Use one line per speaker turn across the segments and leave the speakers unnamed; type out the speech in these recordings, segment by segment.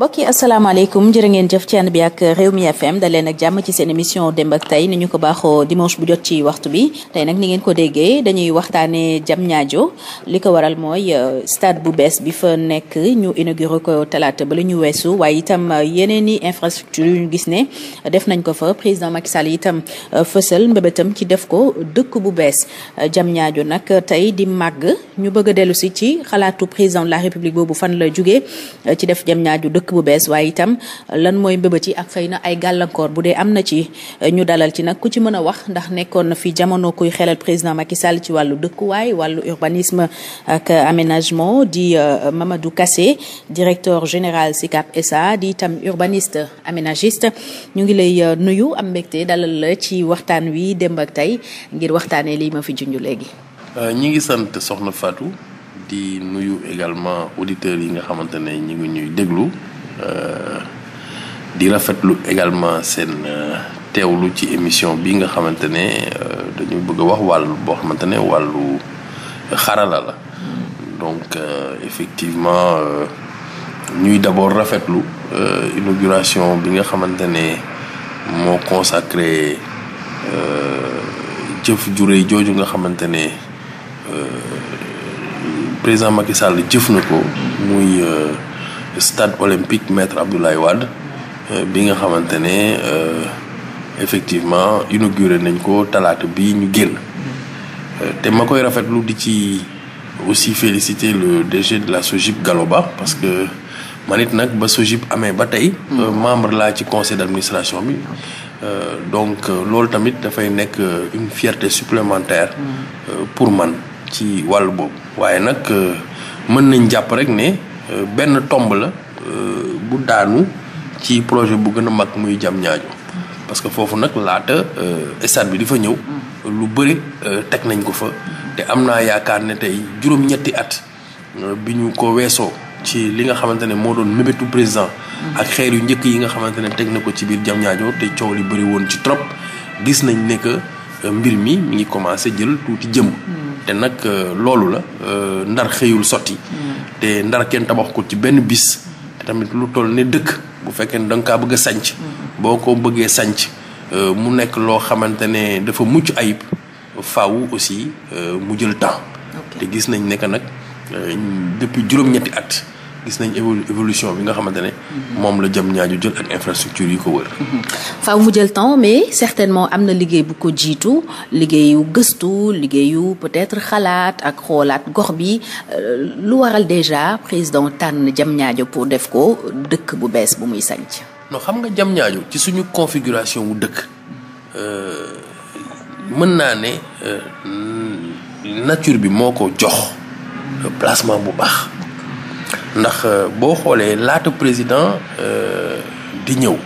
mbokk yi asalaamaaleykum jërë ngeen jëf ci bi ak réew Rewmi FM dal leen ak jàmm ci seen émission démb ak tey ni ñu ko baaxoo dimanche bu jot ci waxtu bi tey nag ni ngeen ko déggee dañuy waxtaanee ñaajo li ko waral mooy euh, stade bu bees bi fa nekk ñu inauguré ko talaata ba la ñu weesu waaye itam euh, yeneen i infrastructure yu ñu gis ne def nañ ko fa président Macky Sall itam euh, fësal mbébétam ci def ko dëkk bu bees Diamniadio nag tey di màgg ñu bëgg a dellu si ci xalaatu président de la république boobu fan la jugee ci def Diamniadio dëkk bu bees waaye itam lan mooy mbébét yi ak xëy na ay gàllankoor bu dee am na ci ñu dalal ci nag ku ci mën a wax ndax nekkoon na fi jamono kuy xelal président Macky Sall ci wàllu dëkkuwaay wàllu urbanisme ak aménagement di euh, mamadu Kassé directeur général SICAP esa di itam urbaniste aménagiste ñu ngi lay euh, nuyu am mbégte dalal la ci waxtaan wi démb ak tey ngir waxtaanee lii ma fi junj léegi.
Euh, ñi ngi sant soxna Fatou di nuyu également auditeurs yi nga xamante Euh, di rafetlu également seen euh, teewlu ci émission bi nga xamante ne euh, dañu bëgg a wax wàllu boo xamante ne wàllu xarala la donc effectivement ñuy d'abord rafetlu inauguration bi nga xamante ne moo consacré jëf juré jooju nga xamante ne président Macky Sall jëf na ko muy stade olympique maître Abdoulaye Wade euh, bi nga xamante ne euh, effectivement inauguré nañ ko talaata bi ñu génn euh, te ma koy rafetlu di ci aussi féliciter le DG de la SOGIP ba parce que man it nag ba SOGIP amee ba tey. Mm. membre laa ci conseil d'administration bi. donc loolu tamit dafay nekk une fierté supplémentaire. Mm. pour man ci wàll boobu waaye nag mën nañ jàpp rek ne. Euh, benn tomb la euh, bu daanu ci projet bu gën a mag muy jam ñaajo parce que foofu nag laata euh, stade bi di fa ñëw lu bëri teg nañ ko fa te am naa yaakaar ne tey juróom-ñetti at bi ñu ko weesoo ci li nga xamante ne moo doon mébétu président ak xeer yu njëkk yi nga xamante ne teg na ko ci biir jam ñaajo te coow li bëri woon ci trop gis nañ ne que mbir mi mi ngi commencé jël tuuti jëm. Hmm. te nag euh, loolu la euh, ndar xëyul sotti. Hmm. te ndar kenn tabax ko ci benn bis. Hmm. te tamit lu toll ne dëkk bu fekkee ne danga nga kaa bëgg a sànc. boo ko bëggee sànc euh, mu nekk loo xamante ne dafa mucc ayib faaw aussi mu jël temps. te gis nañ ne que nag depuis juróom-ñetti at. gis nañ évolution bi nga xamante ne. moom la jëm ñaaju jël ak infrastructure yu ko wër.
faw mu jël temps mais certainement am na liggéey bu ko jiitu liggéeyu gëstu liggéeyu peut-être xalaat ak xoolaat gox bi euh, lu waral déjà président tànn jëm ñaajo pour def ko dëkk bu bees bu muy sanc
noo xam nga jam ñaajo ci suñu configuration wu dëkk euh, mën naa ne euh, nature bi moo ko jox placement bu baax. ndax euh, boo xoolee laata président euh, di ñëw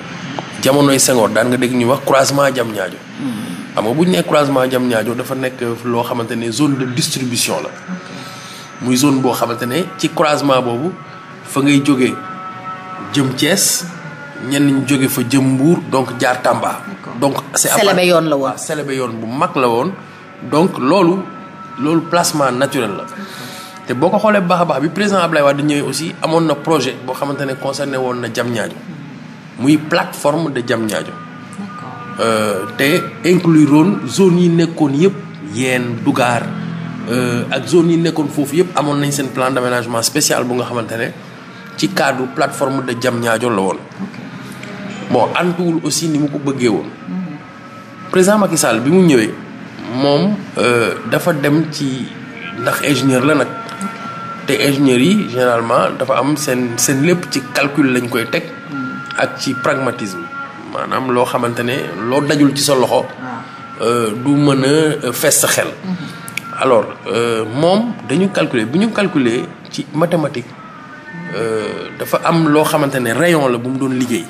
jamonoy Senghor daan nga dégg ñuy wax croisement jam ñaajo hmm. xam nga bu ñu nee croisement jam ñaajo dafa nekk loo xamante ne zone de distribution la muy zone boo xamante ne ci croisement boobu fa ngay jóge jëm cees ñenn ñu jóge fa jëm Mbour donc jaar Tamba. donc c'est selebe yoon la woon selebe yoon bu mag la woon donc loolu loolu placement naturel la. te boo ko xoolee baax a baax bi président Ablaye Wade ñëwee aussi amoon na projet boo xamante ne concerné woon na Diamniadio muy plateforme de jam Diamniadio euh, te inclure woon zone yi nekkoon yëpp yeen dugaar euh, ak zone yi nekkoon foofu yëpp amoon nañ seen plan d'aménagement spécial bu nga xamante ne ci cadre plateforme de ñaajo la woon bon antuwul aussi ni mu ko bëggee woon mm-hmm. président Macky Sall bi mu ñëwee moom euh, dafa dem ci ndax ingénieur la nag te ingénieurs yi généralement dafa am seen seen lépp ci calcul lañ koy teg hmm. ak ci pragmatisme maanaam loo xamante ne loo dajul ci sa loxo ah. euh, du mën a euh, fees xel hmm. alors euh, moom dañu calculer bu ñu calculer ci mathématique hmm. dafa am loo xamante ne rayon la bu mu doon liggéey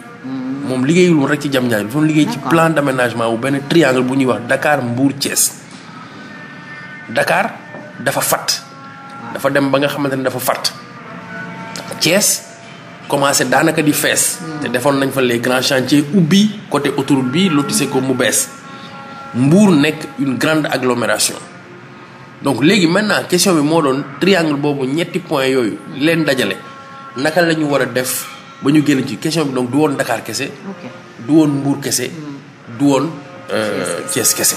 moom liggéeyul woon rek ci jam ñaar bu doon liggéey ci plan d'aménagement bu benn triangle bu ñuy wax dakaar Mbour Thiès dakaar dafa fat dafa dem ba nga xamante ne dafa fart Thiès commencé daanaka di fees. te defoon nañ fa les grands chantiers ubbi côté autoroute bi lotissé ko mu bees. Mbour nekk une grande agglomération donc léegi naa question bi moo doon triangle boobu ñetti point yooyu leen dajale naka la ñu war a def ba ñu génn ci question bi donc du woon Dakar kese. du woon Mbour kese. Mm. du woon euh, Thiès kese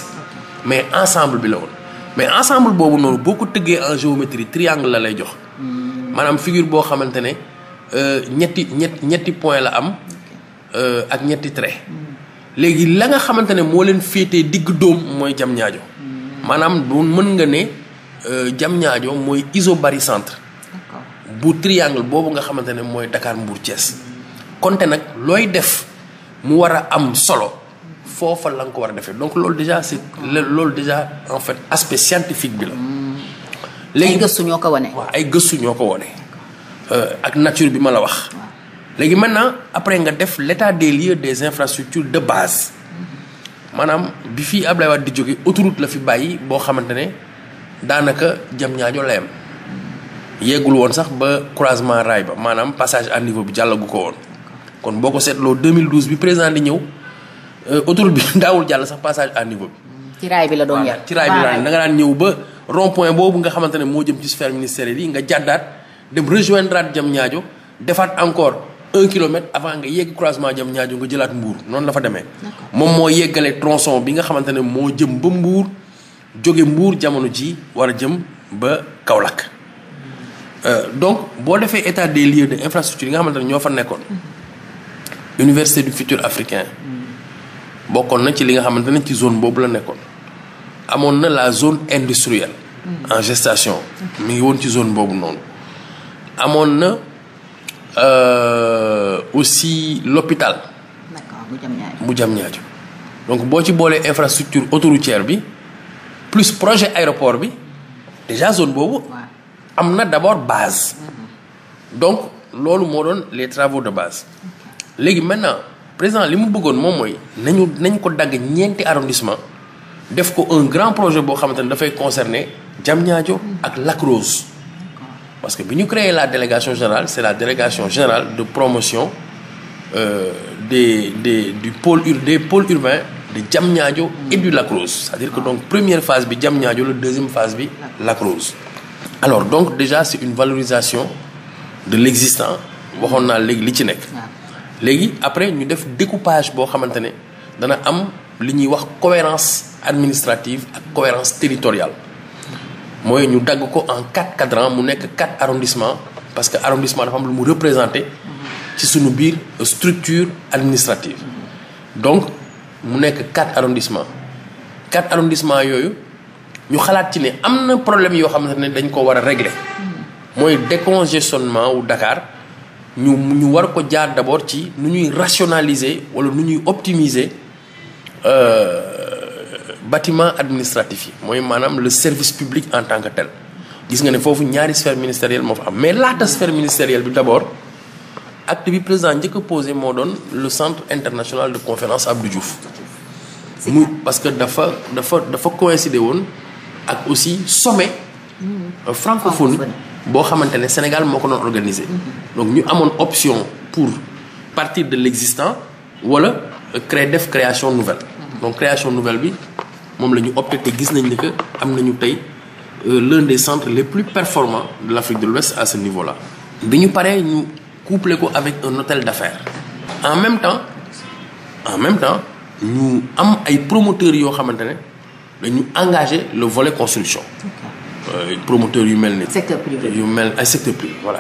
mais ensemble bi la woon. mais ensemble boobu noonu boo ko tëggee en géométrie triangle la lay jox. maanaam figure boo xamante ne euh, ñetti ñetti ñetti point la am euh, ak ñetti trait. léegi la nga xamante ne moo leen féetee digg doom mooy jam ñaajo. maanaam du mën nga ne jam euh, ñaajo mooy isobaricentre. bu triangle boobu nga xamante ne mooy dakaar Mbour Thiès. konte nag looy def mu war a am solo. foofa la nga ko war a defee donc loolu déjà c'est loolu déjà en fait aspect scientifique bi la. léegi ay gëstu ñoo ko wane. waaw ay gëstu ko wane euh, ak nature bi ma la wax. léegi mën maintenant après nga def l'état des lieux des infrastructures de base maanaam bi fii Ablaye Wade di jóge autoroute la fi bàyyi boo xamante ne daanaka jëm ñaajo layam yeggul woon sax ba croisement raay ba maanaam passage à niveau bi jàllagu ko woon kon boo ko seetloo 2012 bi président di ñëw. Euh, autoroute bi daawul jàll sax passage à niveau bi.
ci raay bi la doon yàq ci raay bi la da
nga daan ñëw ba rond point boobu nga xamante ne moo jëm ci sphère ministérielle yi nga jàddaat dem rejoindre Diamniadio defaat encore un kilomètre avant nga yegg croisement Diamniadio nga jëlaat Mbour noonu la fa demee. moom moo yeggale tronçon bi nga xamante ne moo jëm ba Mbour jóge Mbour jamono ji war a jëm ba Kaolack. Euh, donc boo defee état des lieux de infrastructure yi nga xamante ne ñoo fa nekkoon. Mm-hmm. Université du futur africain. Mm-hmm. bokkoon na ci li nga xamante ne ci zone boobu la nekkoon amoon na la zone industrielle. Mm. en gestation. mi ngi woon ci zone boobu noonu. amoon na euh, aussi l'hôpital.
d'accord bu
Diamniadio donc boo ci boolee infrastructure autoroutière bi plus projet aéroport bi déjà zone boobu. am na d'abord base. Mm-hmm. donc loolu moo doon les travaux de base. léegi maintenant. président li mu bëggoon moom mooy nañu nañ ko dagg ñeenti arrondissement def ko un grand projet boo xamante ne dafay concerner Diamniadio ak Lac parce que bi ñu créé la délégation générale c'est la délégation général de promotion euh, des des du pôle ur de Diamniadio et du Lac Rose c'est-à-dire que donc première phase bi Diamniadio la deuxième phase bi Lac alors donc déjà c'est une valorisation de l'existant waxoon naa léegi li ci nekk léegi après ñu def découpage boo xamante ne dana am li ñuy wax cohérence administrative ak cohérence territoriale mooy ñu dagg ko en quatre cadrans mu nekk quatre arrondissement parce que arrondissement dafa am lu mu représenté ci suñu biir structure administrative donc mu nekk quatre arrondissement quatre arrondissement yooyu ñu xalaat ci ne am na problème yoo xamante ne dañ ko war a réglé mooy décongestionnement wu dakaar ñu ñu war a ko jaar d'abord ci nu ñuy rationaliser wala nu ñuy optimiser euh, bâtiment administratif yi mooy maanaam le service public en tant que tel gis nga ne foofu ñaari sphère ministérielle moo fa am mais laata sphère ministérielle bi d'abord acte bi président njëkk a posé moo doon le centre international de conférence Abdou Diouf muy parce que dafa dafa dafa coïncider woon ak aussi sommet Euh, francophone boo xamante ne Sénégal moo ko doon organisé. Mm-hmm. donc ñu amoon option pour partir de l' wala euh, créer def création nouvelle. Mm-hmm. donc création nouvelle bi moom la ñu opté te gis nañ ne que am nañu tey euh, l'un des centres les plus performants de l' de l'Ouest à ce niveau là. bi ñu paree ñu couplé ko avec un hôtel d' affaires. en même temps en même temps ñu am ay promoteurs yoo xamante ne dañu engagé le volet construction. Euh, promoteur yu mel ni secteur privé yu mel ay secteur privé voilà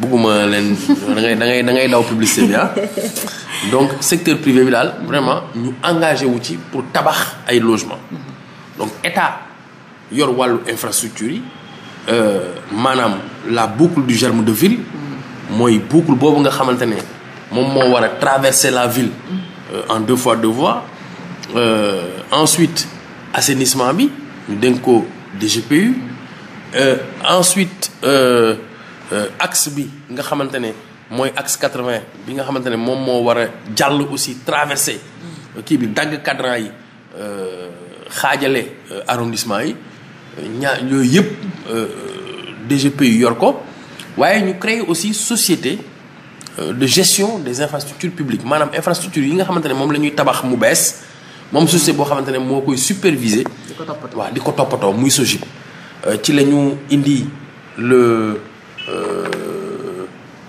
bëgguma leen dangay dangay da ngay daw publicité bi ah. donc secteur privé bi daal vraiment ñu engagé wu ci pour tabax ay logement mm-hmm. donc état yor wàllu infrastructure yi euh, maanaam la boucle du germe de ville mm-hmm. mooy boucle boobu nga xamante ne moom moo war a traverser la ville mm-hmm. euh, en deux fois deux voies ensuite assainissement bi ñu dénk ko DGPU Euh, ensuite euh, euh, axe bi nga xamante ne mooy axe 80 bi nga xamante ne moom moo war a jàll aussi traversé mm. kii bi dagg cadran yi xaajale arrondissement yi ñaar yooyu yëpp DGPU yor ko waaye ñu créer aussi société de gestion des infrastructures publiques maanaam infrastructure yi nga xamante ne moom la ñuy tabax mu bees moom société boo xamante ne moo koy superviser. di ko toppatoo di ko toppatoo muy SOGIP. Euh, ci la ñu indi le euh,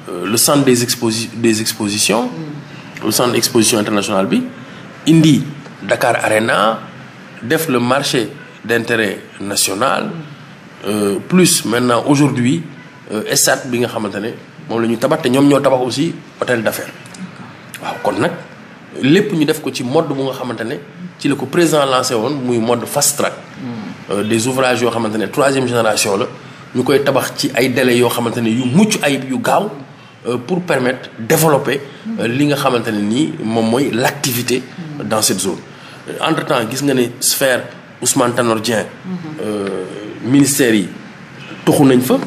euh, le centre des exposi des expositions. le centre d'exposition internationale bi indi Dakar Arena def le marché d'intérêt national euh, plus maintenant aujourd'hui Esat bi nga xamante ne moom la ñu tabax te ñoom ñoo tabax aussi hôtel d'affaires waaw kon nag lépp ñu def ko ci mode bu nga xamante ne ci la ko président lancé woon muy mode fast track. Hmm. Euh, des ouvrages yoo xamante ne troisième génération la ñu koy tabax ci ay délais yoo xamante ne yu mucc ayib yu gaaw euh, pour permettre développer euh, li nga xamante ne nii moom mooy l'activité dans cette zone entre temps gis nga ne sphère Ousmane Tanor Dieng ministère yi tuxu nañ fa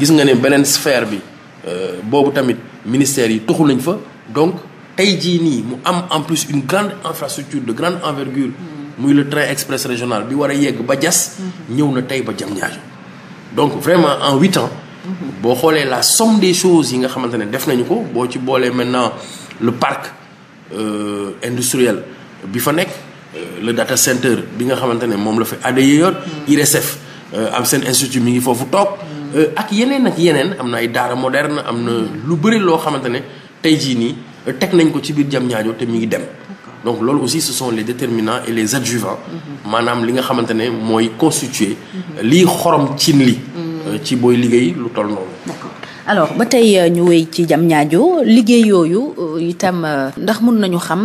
gis nga ne beneen sphère bi boobu tamit ministère yi tuxu nañ fa donc tey jii nii mu am en plus une grande infrastructure de grande envergure muy le train express régional bi war a yegg ba Diass. ñëw na tey ba Diamniadio donc vraiment en huit ans. boo xoolee la somme des choses yi nga xamante ne def nañu ko boo ci boolee maintenant le parc euh, industriel bi fa nekk euh, le data center bi nga xamante ne moom la fi ADE yor. IRESSEF euh, am seen institut mi ngi foofu toog. Euh, ak yeneen ak yeneen am na ay daara moderne am na lu bëri loo xamante ne tey jii nii teg nañ ko ci biir Diamniadio te mi ngi dem. donc loolu aussi ce sont les déterminants et les adjuvants maanaam li nga xamante ne mooy constituer lii xorom cin li euh, ci booy liggéey lu toll noonu d'accord
ba tey euh, ñu wéy ci jam ñaajo liggéey yooyu euh, itam ndax mun nañu xam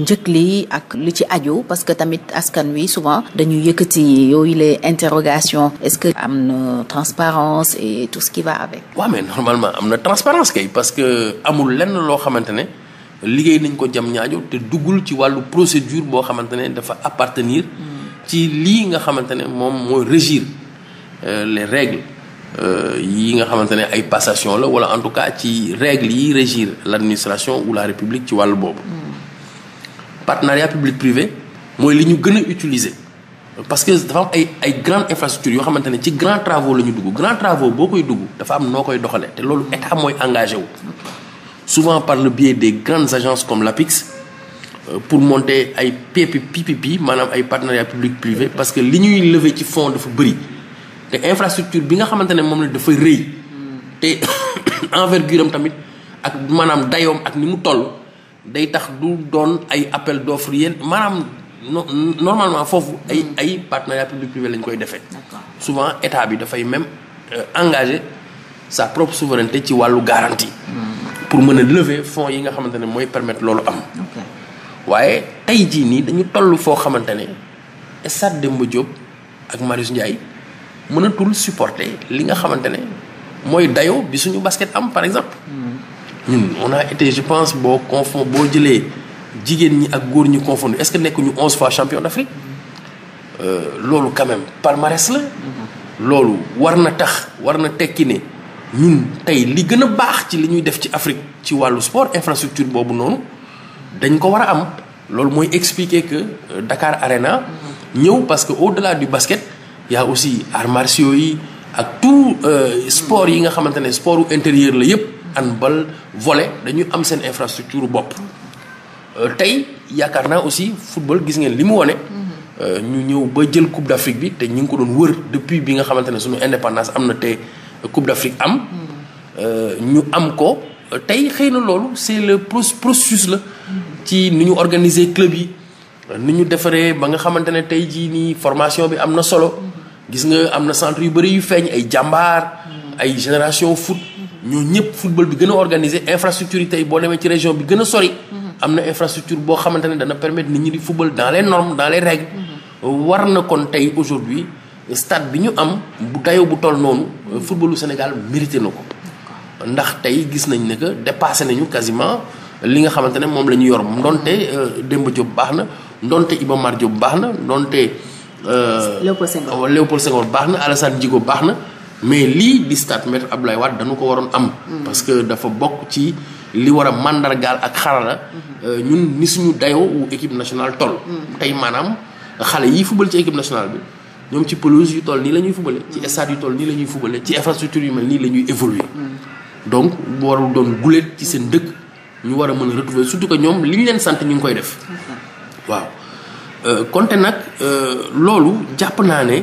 njëkk li ak li ci aju parce que tamit askan wi souvent dañuy yëkkati yooyu les interrogations est-ce que am na transparence et tout ce qui va avec
waaw ouais, mais normalement am na transparence kay parce que amul lenn loo xamante ne liggéey nañ ko jam ñaajo te duggul ci wàllu procédure boo xamante ne dafa appartenir ci lii nga xamante ne moom mooy régir euh, les règles euh, yi nga xamante ne ay passation la wala en tout cas ci règles yi régir l'administration ou la république ci wàllu boobu partenaria public privé mooy li ñu gën a utiliser parce que dafa am ay ay grandes infrastructures yoo xamante ne ci grands travaux la ñu dugg grands travaux boo koy dugg dafa am noo koy doxalee te loolu état mooy engagé wu souvent par le biais des grandes agences comme l'APIX euh, pour monter ay PPP maanaam ay partenariat public privé parce que li ñuy lever ci fonds dafa bëri te infrastructure bi nga xamante ne moom la dafa rëy te envergure am tamit ak maanaam dayoom ak ni mu toll day tax du doon ay appel d'offre yéen maanaam normalement foofu ay ay partenariat public privé lañ koy defee souvent état bi dafay même euh, engagé sa propre souveraineté ci wàllu garantie. pour mën a lever fonds yi nga xamante ne mooy permettre loolu am. waaye tey jii nii dañu toll foo xamante ne Stade Demba Diop ak Marius Ndiaye mënatul supporter li nga xamante ne mooy dayo bi suñu basket am par exemple.
Mm.
ñun on a été je pense boo confond boo jëlee jigéen ñi ak góor ñi confondu est-ce que nekkuñu onze fois champion d'Afrique euh, loolu quand même palmarès la.
Mm-hmm.
loolu war na tax war na tekki ne. ñun tey li gën a baax ci li ñuy def ci Afrique ci wàllu sport infrastructure boobu noonu dañ ko war a am loolu mooy expliquer que euh, Dakar Arena ñëw parce que au-delà du basket y a aussi arts martiaux yi ak tout euh, sport yi nga xamante ne sportu intérieur la yëpp bal volley dañuy am seen infrastructure bopp euh, tey yaakaar naa aussi football gis ngeen li mu wone ñu ñëw ba jël Coupe d'Afrique bi te ñu ngi ko doon wër depuis bi nga xamante ne suñu indépendance am na te coupe d'Afrique am. Euh, ñu am ko tey xëy na loolu c'est le processus la. ci ni ñu organiser club yi. ni ñu defaree ba nga xamante ne tey jii nii formation bi am na solo. gis nga am na centre yu bëri yu feeñ ay jàmbaar. ay génération foot. ñoo ñëpp football bi gën a organisé infrastructure yi tey boo demee ci région bi gën a sori. am na infrastructure boo xamante ne dana permettre nit ñi di football dans les normes dans les règles. war na kon tey aujourd'hui stade bi ñu am bu dayoo bu toll noonu euh, footballu Sénégal mérité na ko ndax tey gis nañ ne que dépassé nañu quasiment li nga xamante ne moom la ñu yor ndonte euh, Demba Diop baax na ndonte Iba Mar Diop baax na ndonte. Euh, Léopold Senghor Léopold Senghor baax na Alassane Djigo baax na mais lii di stade Maître Abdoulaye Wade dañu ko waroon am. Mm. parce que dafa bokk ci li war a mandargaal ak xarala. Mm-hmm. ñun ni suñu dayoo wu équipe nationale toll. Mm. tey maanaam xale yi fubal ci équipe nationale bi. ñoom ci pelouse yu toll nii la fubale ci stade yu toll nii la ñuy fubale ci infrastructure yu mel nii la ñuy évoluer
mm.
donc warul doon guléet ci seen dëkk ñu war a mën a retrouver surtout que ñoom li ñu leen sant ñu ngi koy def
mm-hmm.
waaw euh, konte nag euh, loolu jàpp naa ne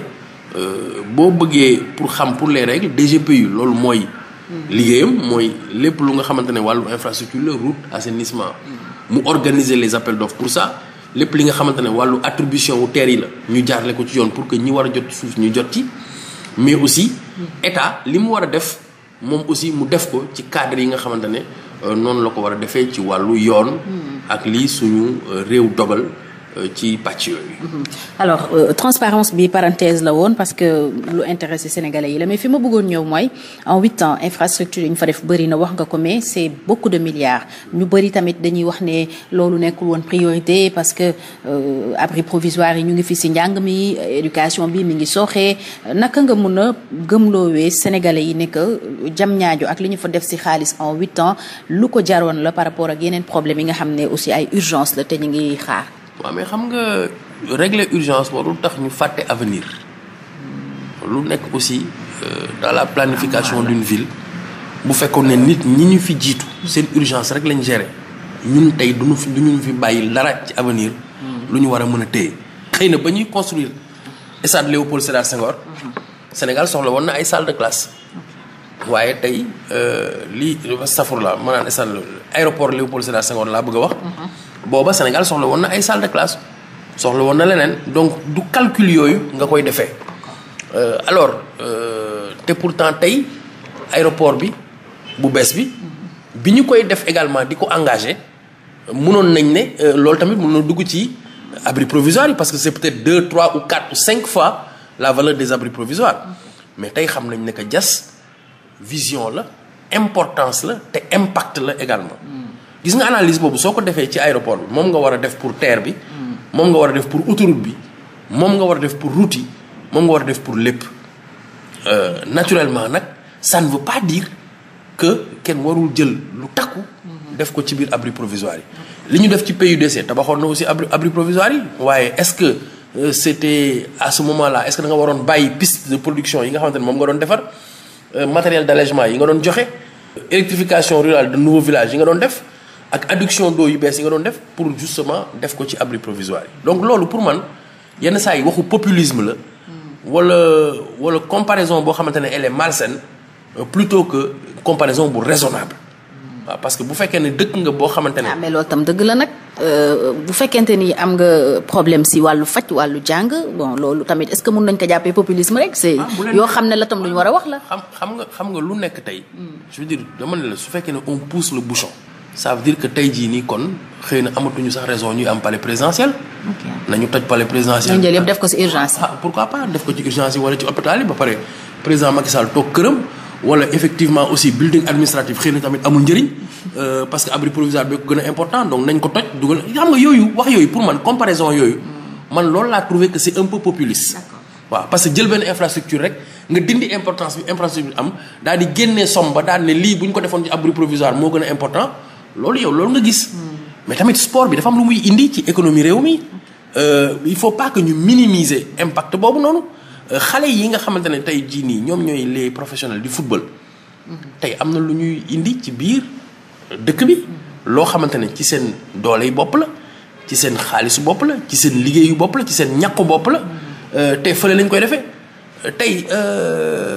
euh, boo bëggee pour xam pour les règles DGPU loolu mooy
mm. liggéeyam mooy
lépp lu nga xamante ne wàllu infrastructure la route assenisement mm. mu organiser les appels d'offres pour ça lépp li nga xamante ne wàllu attribution wu teer yi la ñu jaarle ko ci yoon pour que ñi war a jot suuf ñu jot ci mais aussi mm. état li mu war a def moom aussi mu def ko ci cadre yi nga xamante ne euh, noonu la ko war a defee ci wàllu yoon mm. ak lii suñu euh, réew dogal Euh, ci pàcc yooyu.
Mhm. alors euh, transparence bi parenthèse la woon parce que lu intéressé sénégalais yi la mais fi ma bëggoon ñëw mooy en huit ans infrastructure yi ñu fa def bëri na wax nga ko mais c'est beaucoup de milliards ñu bëri tamit dañuy wax ne loolu nekkul woon priorité parce que euh, abri provisoire yi ñu ngi fi si njàng mi éducation bi mi ngi sooxee naka nga mun a gëmloowee sénégalais yi ne que jam ñaajo ak li ñu fa def si xaalis en huit ans lu ko jaroon la par rapport ak yeneen problème yi nga xam ne aussi ay urgence la te ñu ngi xaar.
waaw amee xam nga régler urgence warul tax ñu fàtte avenir lu nekk aussi euh, dans la planification ah, d'une ville bu fekkoon ne nit ñi ñu fi jiitu seen urgence rek lañ gérer ñun tey duñu fi duñu fi bàyyi dara ci avenir hmm. lu ñu war a mën a téye xëy na ba ñuy construire stade Léopold Sédar Senghor hmm. Sénégal soxla woon na ay salle de classe waaye tey euh, lii safur la maanaam stade aéroport Léopold Sédar Senghor laa bëgg a wax hmm. booba Sénégal soxla woon na ay salle de classe soxla woon na leneen donc du calcul yooyu nga koy defee euh, alors euh, te pourtant tey aéroport bi bu bees bi bi ñu koy def également di ko engagé munoon nañ ne euh, loolu tamit mën na dugg ci abri provisoire yi parce que c'est peut-être deux trois ou quatre ou cinq fois la valeur des abris provisoires mais tey xam nañ ne que jas vision la importance la te impact la également gis nga analyse boobu soo ko defee ci aéroport bi moom nga war a def pour terre bi moom nga war a def pour autoroute bi moom nga war a def pour route yi moom nga war a def pour lépp euh, naturellement nag ça ne veut pas dire que kenn warul jël lu takku def ko ci biir abri provisoire yi li ñu def ci PUDC tabaxoon na aussi abri abri provisoire yi waaye est-ce que euh, c'était à ce moment-là est-ce que da waroon bàyyi piste de production yi nga xamante ne moom nga doon defar euh, matériel d'allègement yi nga doon joxe électrification rurale de nouveaux villages yi nga doon def ak adduction d'eau yu bees yi nga doon def pour justement def ko ci abri provisoire yi donc loolu pour man yenn saa yi waxu populisme la wala wala comparaison boo xamante ne elle est malsaine euh, plutôt que comparaison bu raisonnable waaw parce que bu fekkee ne dëkk nga boo
xamante ne. ah mais loolu dëgg la nag euh, bu fekkente nii am nga problème si wàllu faj wàllu jàng loolu tamit est-ce que mën nañ ko jàppee populisme rek. c'est ah, yoo xam ne la tam lu ñu war a wax la. xam
xam nga xam nga lu nekk tey. Hmm. je veux dire dama ne la su fekkee ne on pousse le bouchon. ça veut dire que tey jii nii kon xëy na amatuñu sax raison ñuy am palais présidentiel. nañu toj palais présidentiel. ñu jël yëpp def ko ci urgence ah pourquoi pas def ko ci urgence yi wala ci hôpital ba pare président Macky toog këram. wala effectivement aussi building administratif xëy na tamit amul njëriñ euh, parce abri provisoire bi ko gën a important donc nañ ko toj dugal xam nga yooyu wax yooyu pour man comparaison yooyu. man loolu laa trouvé que c'est un peu populiste. waaw parce ko defoon ci abri provisoire moo gën loolu yow loolu nga gis. mais tamit sport bi dafa am lu muy indi ci économie réew mi. Euh, il faut pas que ñu minimiser impact boobu noonu euh, xale yi nga xamante ne tey jii nii ñoom ñooy les professionnels di football. tey am na lu ñuy indi ci biir dëkk bi. loo xamante ne ci seen doole yi bopp la ci seen xaalisu bopp la ci seen liggéeyu bopp la ci seen ñàkku bopp la. Euh, te fële lañ koy defee tey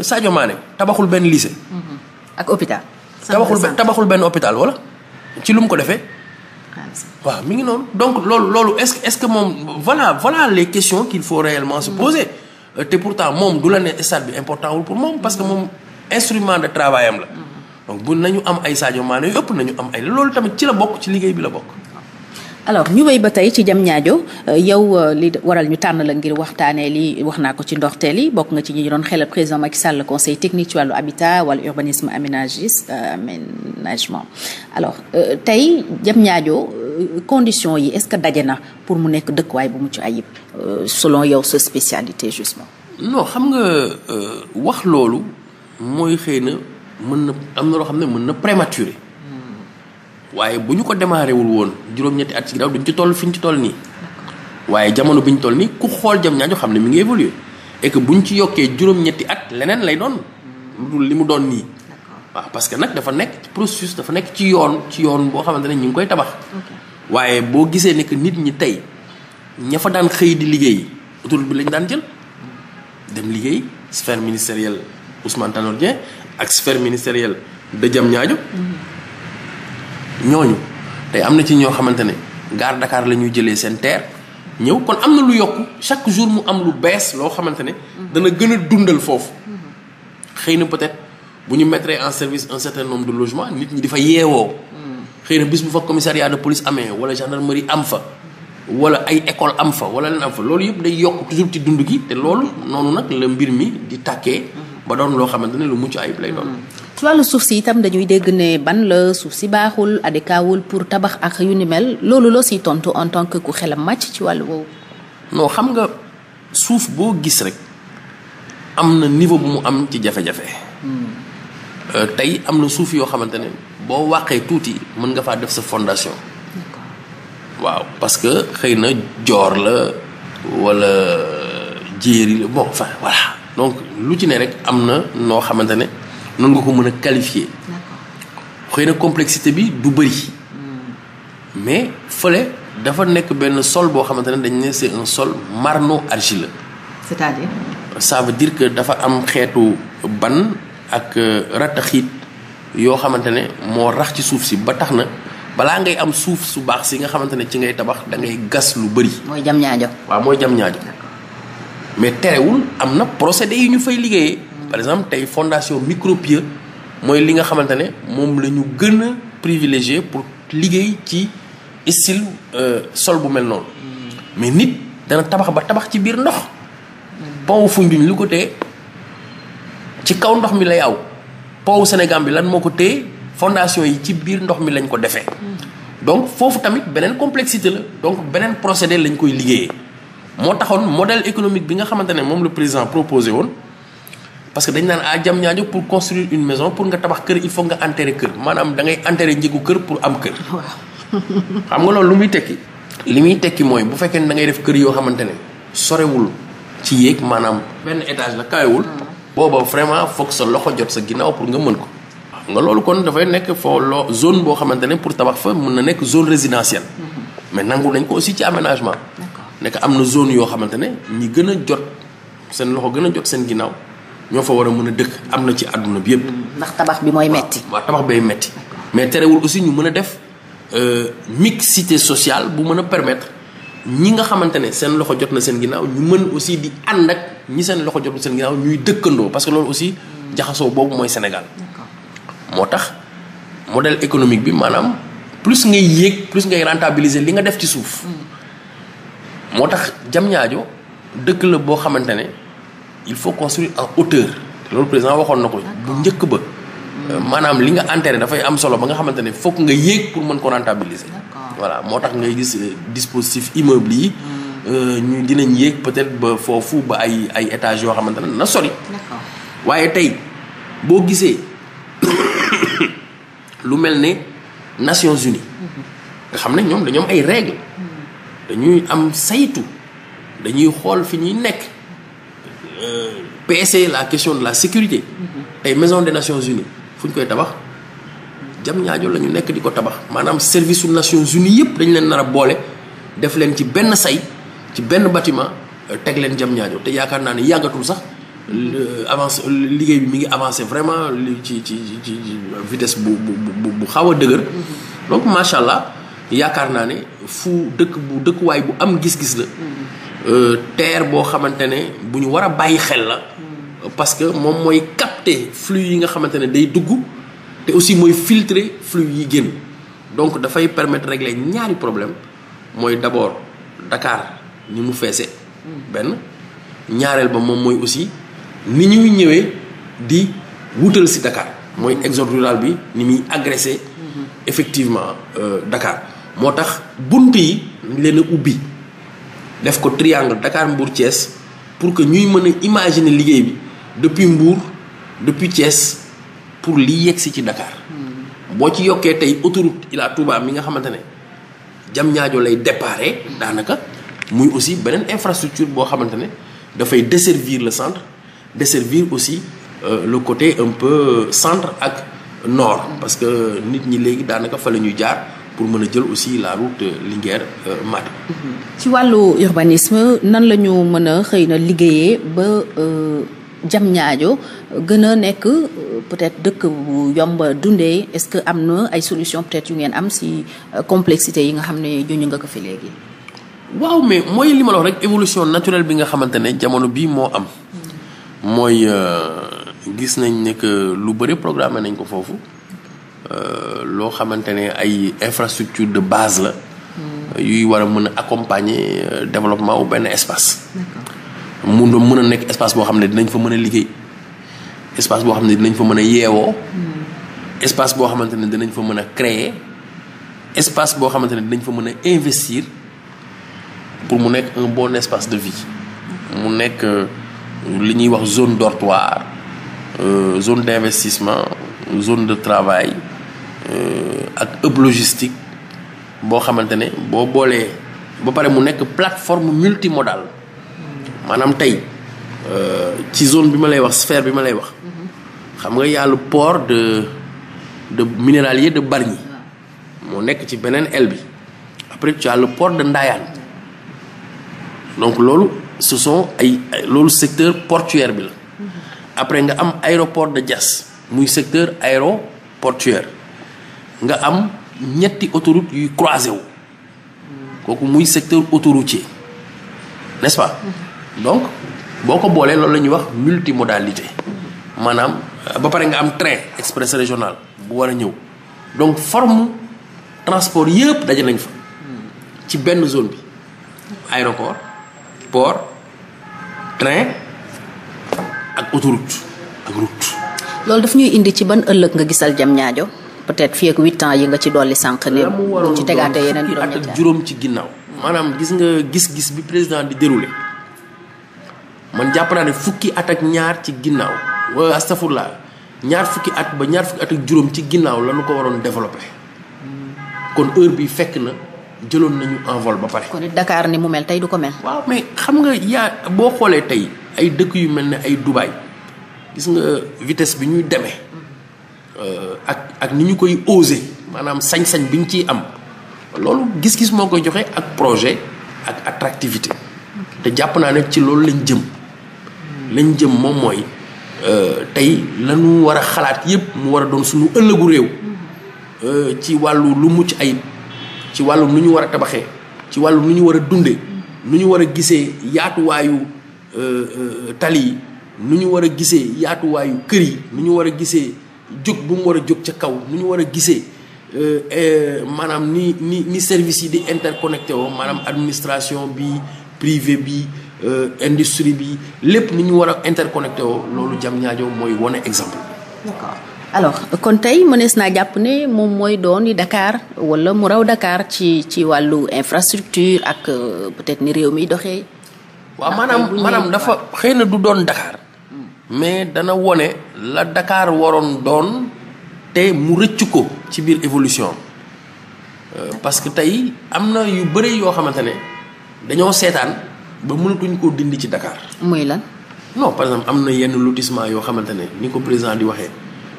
Sadio Mané tabaxul benn lycée. ak hôpital. tabaxul benn tabaxul benn hôpital ci lu mu ko defee. waaw mu ngi noonu donc loolu loolu est-ce est-ce que moom voilà voilà les questions qu'il faut réellement se poser. Mm-hmm. Euh, te pourtant moom du la ne stade bi important wul pour moom parce que moom mm-hmm. instrument de travaayam la. Mm-hmm. donc bu nañu am ay Sadio Mané yu ëpp nañu am ay loolu tamit ci la bokk ci liggéey bi la bokk.
alors ñu wéy ba tey ci jam ñaajo euh, yow euh, li waral ñu tànn la ngir waxtaanee li wax naa ko ci ndorteel yi bokk nga ci ñi doon xelal président Macky Sall conseil technique ci wàllu habitat wàllu urbanisme aménagis euh, aménagement alors tey jam ñaajo conditions yi est-ce que daje na pour mu nekk dëkkuwaay bu mucc ayib selon yow sa spécialité justement
non xam nga wax loolu mooy xëy na mën na am na loo xam ne mën na prématuré waaye bu ñu ko démarré wul woon juróom-ñetti at ci ginnaaw duñ ci toll fi ñu ci toll nii. waaye jamono bi ñu toll nii ku xool jam ñaajo xam ne mu ngi évolué et bu ñu ci yokkee juróom-ñetti at leneen lay doon. lu dul li mu doon nii. waaw parce que nag dafa nekk processus dafa nekk ci yoon ci yoon boo xamante ne ñu ngi koy tabax. waaye boo gisee ne que nit ñi tey ña fa daan xëy di liggéey autoroute bi lañ daan jël. dem liggéey sphère ministérielle Ousmane Tanor Dieng ak sphère ministérielle de Diamniadio. Mm-hmm. ñooñu tey am na ci ñoo xamante ne gare Dakar la ñuy jëlee seen terre ñëw kon am na lu yokk chaque jour mu am lu bees loo xamante ne. dana gën a dundal foofu. xëy na peut-être bu ñu mettre en service en certain nombre de logements nit ñi di fa yeewoo. xëy na bis bu fa commissariat de police amee wala gendarmerie am fa. wala ay école am fa wala leen am fa loolu yëpp day yokk toujours ci dund gi te loolu noonu nag la mbir mi di takkee ba doon loo xamante ne lu mucc ayib lay doon.
ci wàllu suuf si itam dañuy dégg ne ban la suuf si baaxul adekaawul pour tabax ak yu ni mel loolu loo siy tontu en tant que ku xelam màcc ci wàllu woowu. non xam nga
suuf boo gis rek am na niveau mu am ci jafe hmm. euh, tey am na suuf yoo xamante ne boo wàqee tuuti mën nga faa def sa fondation. waaw parce que xëy na joor la walla jéeri la bon enfin voilà donc lu ci ne rek am na noo xamante ne. noonu nga ko mën a qualifier xëy na complexité bi du bëri mais fële dafa nekk benn sol boo xamante ne dañ ne c'est un sol marno argileux c'est-à-dire ça dire que dafa am xeetu ban ak euh, rataxiit yoo xamante ne moo rax ci suuf si ba tax na balaa ngay am suuf su baax si nga xamante ne ci ngay tabax da ngay gas lu bëri. mooy jam ñaajo. waa mooy jam ñaajo mais terewul am na procédé yi ñu fay liggéeyee. par exemple tey fondation Micropieux mooy li nga xamante ne moom la ñu gën a privilégié pour liggéey ci style euh, sol bu mel noonu. mais nit dana tabax ba tabax ci biir ndox. pont Foundiougne lu ko téye ci kaw ndox mi lay aw pont Sénégal bi lan moo ko téye fondation yi ci biir ndox mi lañ ko defee. donc foofu tamit beneen complexité la donc beneen procédé lañ koy liggéeyee. moo taxoon modèle économique bi nga xamante ne moom le président proposé woon. parce que dañ naan ah jam ñaajo pour construire une maison pour nga tabax kër il faut nga enterrer kër maanaam da ngay enterrer njëgu kër pour am kër. xam nga loolu lu muy tekki. li muy tekki mooy bu fekkee ne da ngay def kër yoo xamante ne sorewul ci yéeg maanaam benn étage la kaayewul. Hmm. booba vraiment foog sa loxo jot sa ginnaaw pour nga mën ko. xam nga loolu kon dafay nekk foo loo zone boo xamante ne pour tabax fa mën na nekk zone résidentielle. Hmm. mais nangu nañ ko aussi ci aménagement. nekk am na zone yoo xamante ne ñi gën a jot seen loxo gën a jot seen ginnaaw. ñoo fa war a mën a dëkk am na ci àdduna bi yëpp. ndax tabax bi mooy metti waaw tabax bay metti mais terewul aussi ñu mën a def euh, mixité sociale bu mën a permettre ñi nga xamante ne seen loxo jot na seen ginnaaw ñu mën aussi di ànd ak ñi seen loxo jot na seen ginnaaw ñuy dëkkandoo parce que loolu aussi jaxasoo boobu mooy Sénégal. moo tax modèle économique bi maanaam plus ngay yéeg plus ngay rentabiliser li nga def ci suuf. Mm. moo tax jam ñaajo dëkk la boo xamante ne. il faut construire en hauteur loolu président waxoon na ko bu njëkk ba euh, maanaam li nga enterré dafay am solo ba nga xamante ne fokk nga yéeg pour mën ko rentabiliser voilà moo tax ngay gis euh, dispositif immeuble yi hmm. euh, ñu dinañ yéeg peut-être ba foofu ba ay ay étages yoo xamante ne na sori waaye tey boo gisee lu mel ni Nations Unies hmm. nga xam ne ñoom dañoom ay règles hmm. dañuy am saytu dañuy xool fi ñuy nekk Euh, PSE la question de la sécurité. tey mm-hmm. maison de Nations Unies fu ñu koy tabax. jam ñaajo la ñu nekk di ko tabax maanaam service su Nations Unies yëpp dañu leen nar boole def leen ci benn say ci benn bâtiment euh, teg leen jam ñaajo te yaakaar naa ne yàggatul sax avance liggéey bi mi ngi avancé vraiment ci ci ci vitesse bu bu bu xaw a dëgër. Mm-hmm. donc macha allah yaakaar naa ne fu dëkk bu dëkkuwaay bu am gis-gis la. Mm-hmm. Euh, terre boo xamante ne bu ñu war a bàyyi xel la parce que moom mooy capter flux yi nga xamante ne day dugg te aussi mooy filtre flux yi génn donc dafay permettre régler ñaari problème mooy d'abord Dakar ni mu feese benn ñaareel ba moom mooy aussi ni ñuy ñëwee di wutal si Dakar mooy exode rural bi ni muy agressé mhm. effectivement euh, Dakar moo tax bunt yi leen ubbi def ko triangle dakaar Mbour Thiès pour que ñuy mën a imaginer liggéey bi depuis Mbour depuis Thiès pour li yegg si ci Dakar hmm. boo ci yokkee tey autoroute Ila Touba mi nga xamante ne jam ñaajo lay déparé daanaka muy aussi beneen infrastructure boo xamante ne dafay desservir le centre desservir aussi euh, le côté un peu centre ak nord hmm. parce que nit ñi léegi daanaka fa la ñuy jaar pour mën a jël aussi la route Linguère euh, Matam. Mhm.
ci wàllu urbanisme nan la ñu mën a xëy na liggéeyee ba euh, jam ñaajo gën a nekk euh, peut-être dëkk bu yomb dundee est-ce que am na ay solution peut-être yu ngeen am si complexité yi nga xam ne juñu nga ko fi léegi.
waaw mais mooy li rek évolution naturelle bi nga xamante ne jamono bii moo am. Mhm. mooy gis nañ ne que lu bëri programme nañ ko foofu. Euh, loo xamante ne ay infrastructure de base la yuy war a mën a accompagner euh, développement wu benn espace mun do mën a nekk espace boo xam ne dinañ fa mën a liggéey espace boo xam ne dinañ fa mën a yeewoo hmm. espace boo xamante ne dinañ fa mën a créer espace boo xamante ne dinañ fa mën a investir pour mu nekk un bon espace de vie mu nekk euh, li ñuy wax zone dortoir zone d'investissement zone de travail Euh, ak hub logistique boo xamante ne boo boolee ba pare mu nekk plateforme multimodale maanaam tey euh, ci zone bi ma lay wax sphère bi ma lay wax xam nga yàlla port de de minéralier de Bargny moo nekk ci beneen aile bi après tu as port de Ndayane donc loolu ce sont ay loolu secteur portuaire bi la après nga am aéroport de Diass muy secteur aéroportuaire nga am ñetti autoroute yuy croisé wu kooku muy secteur autoroutier n'est-ce pas
mm-hmm.
donc boo ko boolee loolu la ñuy wax multimodalité maanaam euh, ba pare nga am train express régional bu war a ñëw donc forme transport yëpp daje nañ fa mm-hmm. ci benn zone bi aéroport port train ak autoroute ak route
loolu daf ñuy indi ci ban ëllëg nga gisal jam ñaajo peut-être fii ak huit ans yi nga ci dolli sànq. ne buñ ci tegaatee yeneen juróom at ak juróom
ci ginnaaw. maanaam gis nga gis-gis bi président di déroulé man jàpp ne fukki at ak ñaar ci ginnaaw wala astafurla ñaar fukki at ba ñaar fukki at ak juróom ci ginnaaw la ko waroon développé kon heure bi fekk na jëloon nañu envol ba pare. kon it Dakar ni mu mel tey du ko mel. waaw mais xam nga yaa boo xoolee tey ay dëkk yu mel ne ay Dubaay gis nga vitesse bi ñuy demee. Euh, ak ak ni ñu koy oser maanaam sañ-sañ bi ñu ciy am loolu gis-gis moo koy joxe ak projet ak attractivité te jàpp naa ne ci loolu lañ jëm lañ jëm moom mooy euh, tey lañu war a xalaat yépp mu war a doon suñu ëllëgu réew mm-hmm. euh, ci wàllu lu mucc ayib ci wàllu nu ñu war a tabaxee ci wàllu nu ñu war a dunde mm-hmm. nu ñu war a gisee yaatuwaayu tali yi nu ñu war a gisee yaatuwaayu kër yi nu ñu war a gisee jóg bu mu war a jóg ca kaw nu ñu war a gisee euh, maanaam ni ni ni service yi di interconnecté woo maanaam administration bi privé bi euh, industrie bi lépp ni ñu war a interconnecté woo loolu jam ñaajo mooy wane exemple.
d'accord alors kon tey mënees naa jàpp ne moom mooy doon Dakar wala mu raw Dakar ci ci wàllu infrastructure ak euh, peut-être ni réew mi doxee. waaw maanaam maanaam
dafa xëy na du doon Dakar. mais dana wone la Dakar waroon doon te mu rëcc ko ci biir évolution euh, parce que tey am na yu bëri yoo xamante ne dañoo seetaan ba mënatuñ koo dindi ci Dakar. muy lan. non par exemple am na yenn lotissement yoo xamante ne ni ko président di waxee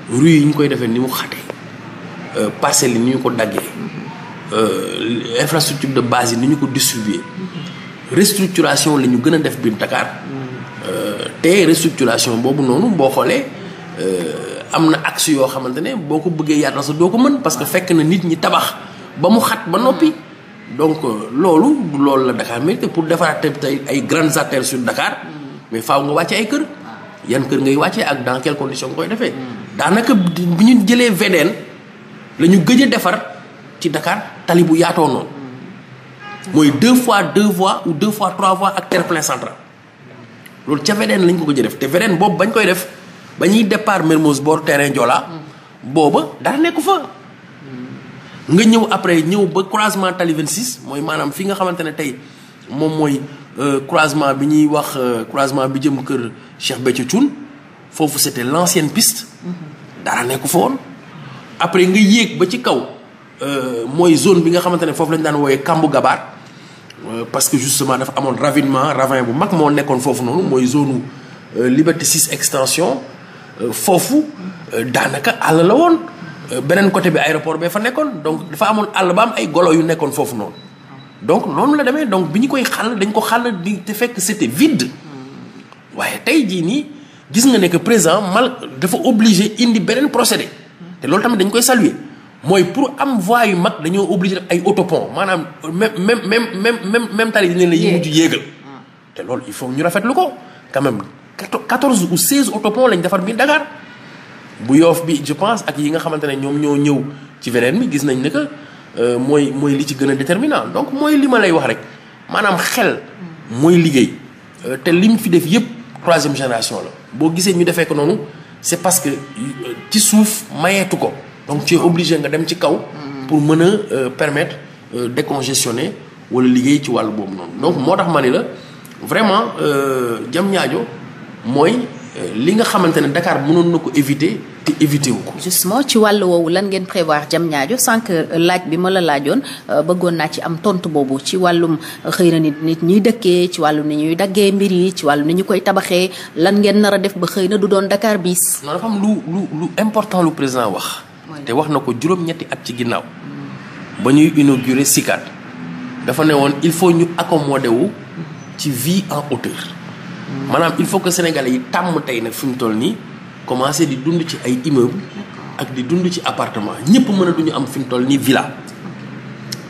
rue yi ñu koy defee ni mu xatee euh, parcelles yi ni ñu ko daggee euh, infrastructure de base yi ni ñu ko distribuer mm-hmm. restructuration la ñu gën a def biir Dakar. Euh, te restructuration boobu noonu boo xoolee euh, am na axe yoo xamante ne boo ko bëggee yaatal sa doo ko mën parce que fekk na nit ñi tabax ba mu xat ba noppi donc euh, loolu du la Dakar mérite pour defaraat tey ay grandes artères sur Dakar mm. mais faaw nga wàcce ay kër yan kër ngay wàcce ak dans quelles conditions nga koy defee mm. daanaka bi ñu jëlee VDN la ñu gëj defar ci Dakar tali bu yaatoo noonu mm. mooy deux fois deux voies ou deux fois trois voies ak terre-plein loolu ca Védène lañ ko ko def te Védène boobu bañ koy def bañuy ñuy départ Mermoz terrain Joola booba dara nekku fa. nga ñëw après ñëw ba croisement tali 26 mooy maanaam fi nga xamante ne tey moom mooy euh, croisement bi ñuy wax euh, croisement bi jëm kër Cheikh Béthio Thioune foofu c'était l'ancienne piste. dara nekku fa woon. après nga yéeg ba ci kaw euh, mooy zone bi nga xamante ne foofu lañ daan wooyee Kambu Gabaar. Euh, parce que justement dafa amoon ravinement ravin bu mag moo nekkoon foofu noonu mooy zone euh, Liberté 6 extension euh, foofu daanaka àll la woon beneen côté bi aéroport bee fa nekkoon donc dafa amoon àll ba am ay golo yu nekkoon foofu noonu donc noonu la demee donc bi ñu koy xàll dañ ko xàll di te fekk c'était vide waaye tey jii nii gis nga ne que président mal dafa obligé indi beneen procédé te loolu tamit dañ koy saluer mooy pour am voie yu mag dañoo obligé def ay autopont maanaam même même même même même tali dinañ la yi mujj yéegal te loolu il faut ñu rafetlu ko quand même quatorze ou seize autopont lañ defar biir Dakar bu yoof bi je pense ak yi nga xamante ne ñoom ñoo ñëw ci beneen bi gis nañ ne que euh, mooy mooy li ci gën a déterminant donc mooy li ma lay wax rek maanaam xel mooy liggéey euh, te lim fi def yépp troisième génération la boo gisee ñu defee ko noonu c'est parce que euh, ci suuf mayeetu ko donc ci es nga dem ci kaw. pour mën a euh, permettre euh, décongestionner wala liggéey ci wàllu boobu noonu donc moo tax ma ni la vraiment ñaajo euh, mooy li nga xamante ne Dakar mënoon na ko éviter te éviter wu ko.
justement ci wàll woowu lan ngeen prévoir Diamniadio sànq laaj bi ma la laajoon bëggoon naa ci am tontu boobu ci wàllum xëy na nit nit ñuy dëkkee ci wàllum ni ñuy daggee mbir yi ci wàllum ni ñu koy tabaxee lan ngeen nar a def ba xëy na du doon Dakar bis. non lu lu lu
important lu président wax. te wax na ko juróom-ñetti at ci ginnaaw ba ñuy inaugurer SICAD dafa ne woon il faut ñu accommoder wu ci vie en hauteur maanaam il faut que sénégale yi tàmm tey nag fi mu toll nii commencé di dund ci ay immeuble ak di dund ci appartement ñëpp mën am fi mu toll nii villa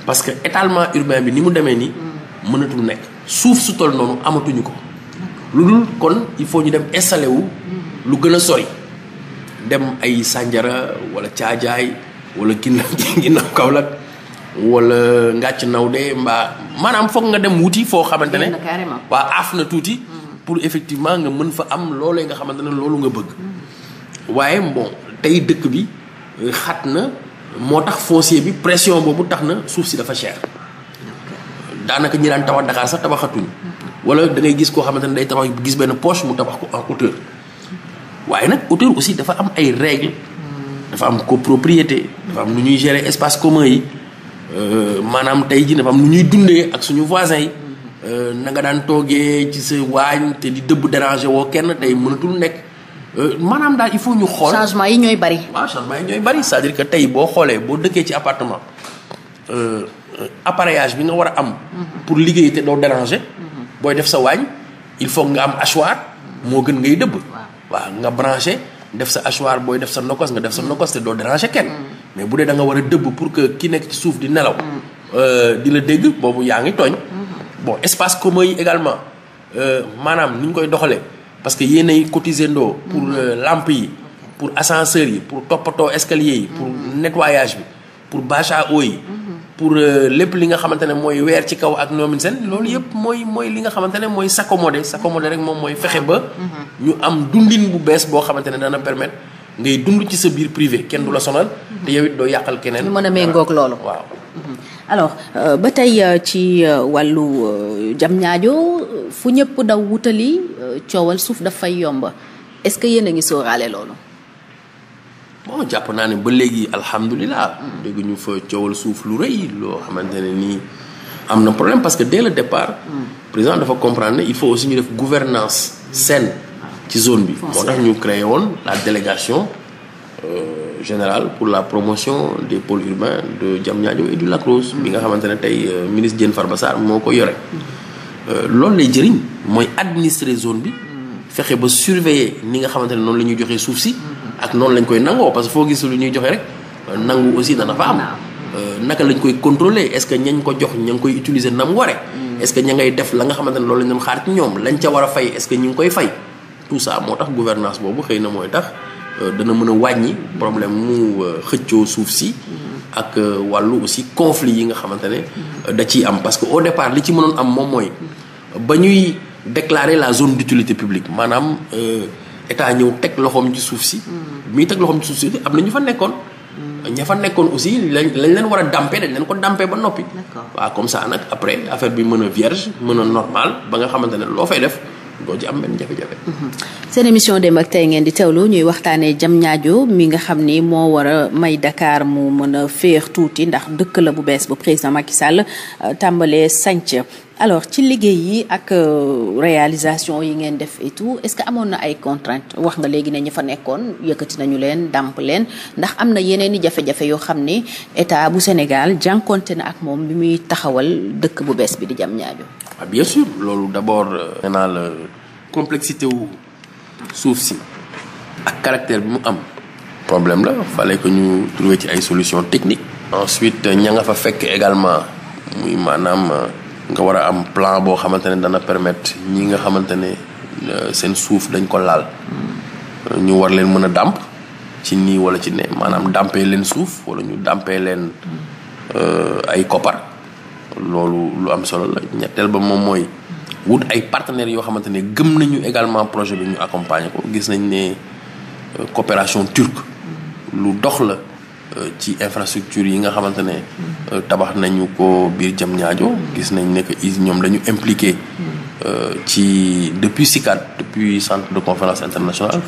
parce que étalement urbain bi ni mu demee nii mënatul nekk suuf su toll noonu amatuñu ko lu dul kon il faut ñu dem installé wu lu gën a sori dem ay Sanjara wala Caajaay wala ginnaaw ginnaaw Kaolack wala Ngàcc de mbaa maanaam foog nga dem wuti foo xamante ne waa aaf na tuuti pour effectivement nga mën fa am loolee nga xamante ne loolu nga bëgg waaye bon tey dëkk bi euh, xat na moo tax foncier bi pression boobu tax na suuf si dafa cher daanaka ñi daan tabax Dakar sax tabaxatuñ mm-hmm. wala da ngay gis koo xamante ne day tabax gis benn poche mu tabax ko en hauteur waaye nag auteur aussi dafa am ay règles dafa am copropriété dafa am nu ñuy gérer espace commun yi euh, maanaam tey ji dafa am nu ñuy dundee ak suñu voisin yi euh, na nga daan toogee ci sa waañ te di dëbb déranger woo kenn tey mënatul nekk euh,
maanaam daal il faut ñu xool changement yi ñooy bari.
waaw ñooy bari c'est-à-dire que tey boo xoolee boo dëkkee ci appartement appareillage bi nga war a am. Mm-hmm. pour liggéey te doo déranger. Mm-hmm. booy def sa waañ il faut nga am hachoir moo gën ngay dëbb. waaw nga branché def sa hachoir booy def sa nokos nga def sa nokos te doo déranger kenn. mais bu dee da nga war a dëbb pour que ki nekk ci suuf di nelaw. Euh, di la dégg boobu yaa ngi tooñ. bon espace commun yi également euh, maanaam ni ñu koy doxalee parce que yéenay cotiser ndoo pour euh, lamp yi pour ascenseur yi pour toppatoo escalier yi. pour nettoyage bi pour bâche à eau yi. pour euh, lépp li nga xamante ne mooy weer ci kaw ak ñoom seen loolu yëpp mooy mooy li nga xamante ne mooy s'accommoder s'accommoder rek moom mooy fexe ba. ñu am dundin bu bees boo xamante ne dana permettre ngay dund ci sa biir privé kenn du la sonal. te yow it doo yàqal keneen. ñu mën a méngoog loolu waaw. Mm-hmm.
alors euh, ba tey euh, ci wàllu jam ñaajo fu ñëpp daw wutali coowal suuf dafay yomb est-ce que yéen a ngi sóoraale loolu.
bon jàpp naa ne ba léegi alhamdulilah dégg ñu fa coowal suuf lu rëy loo xamante ne nii am na problème parce que dès le départ hmm. président dafa comprendre ne il faut aussi ñu def gouvernance saine ci zone bi moo tax ñu créé woon la délégation Euh, général pour la promotion des pôles urbains de Diamniadio et du Lac Rose hmm. bi nga xamante ne tey euh, ministre Diène Farba Sarr moo ko yore hmm. euh, loolu lay jëriñ mooy administrer zone bi fexe ba surveiller ni nga xamante ne noonu la ñuy joxee suuf si ak noonu lañ koy nangoo parce que foo gis lu ñuy joxe rek euh, nangu aussi dana fa am. Euh, naka lañ koy contrôler est-ce que ñañ ko jox ña ngi koy utiliser nam ware mm. est-ce que ña ngay def la nga xamante ne loolu lañ doon lañ ca war a fay est-ce que ñu koy fay. tout ça moo tax gouvernance boobu xëy na mooy tax euh, dana mën a wàññi problème mu xëccoo suuf si. Mm. ak wàllu aussi conflit yi nga xamante ne. da ciy am parce que au départ li ci mënoon am moom mooy ba ñuy déclarer la zone d'utilité publique maanaam état ñëw teg loxoom ci suuf si. Mm. bi muy teg loxoom ci suuf si am na ñu fa nekkoon. ña fa nekkoon aussi lañ lañ leen war a dàmpe dañ leen ko dàmpe ba noppi. waaw comme ça nag après affaire bi mën a vierge mën a normal ba nga xamante ne loo fay def. doo ci am benn jafe-jafe. Mhm.
seen émission démb ak tey ngeen di teewlu ñuy waxtaanee jam Diamniadio mi nga xam ni moo war a may dakaar mu mën a féex tuuti ndax dëkk la bu bees bu président Macky Sall euh, tàmbalee sanc alors ci liggéey yi ak euh, réalisation yi ngeen def et tout est-ce que amoon na ay contraintes wax nga léegi ne ñi fa nekkoon yëkkati nañu leen dàmp leen ndax am na yeneen i jafe-jafe yoo xam ni état bu Sénégal jànkonte na ak moom bi muy taxawal dëkk bu bees bi di jam ñaajo
ah bien loolu d'abord euh, nee naa complexité wu suuf si ak caractère bi mu am problème la fallait ko ñu trouver ci ay solutions techniques ensuite ña nga fa fekk également muy maanaam euh, nga war a am plan boo xamante ne dana permettre ñi nga xamante ne euh, seen suuf dañ ko laal euh, ñu war leen mën a dàmp ci nii wala ci ne maanaam dàmpee leen suuf wala ñu dàmpee leen euh, ay koppar loolu lu am solo la ñetteel ba moom mooy wut ay partenaires yoo xamante ne gëm nañu également projet bi ñu accompagner ko gis nañ ne coopération turque lu dox la ci infrastructure yi nga xamante ne euh, tabax nañu ko biir jam ñaajo gis nañ ne que is ñoom dañu impliqué euh, ci depuis CICAD depuis centre de conférence internationale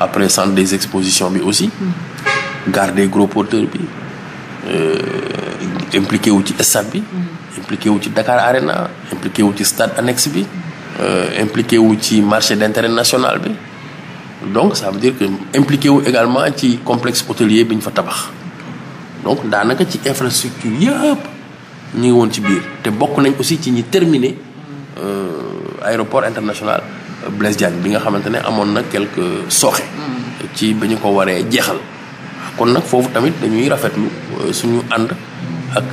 après centre des expositions bi aussi gare des gros porteurs bi euh, impliqué wu ci stade bi impliqué wu ci Dakar Arena impliqué wu ci stade annexe bi impliqué wu ci marché d'intérêt national bi donc sa veut dire que impliqué wu également ci complexe hôtelier bi ñu fa tabax donc daanaka ci infrastructure yëpp ñu ngi woon ci biir te bokk nañ aussi ci ñi terminé euh, aéroport international euh, Blaise bi nga xamante ne amoon na quelque sooxe.
Mm.
ci ba ñu ko waree jeexal. kon nag foofu tamit dañuy rafetlu euh, suñu ànd ak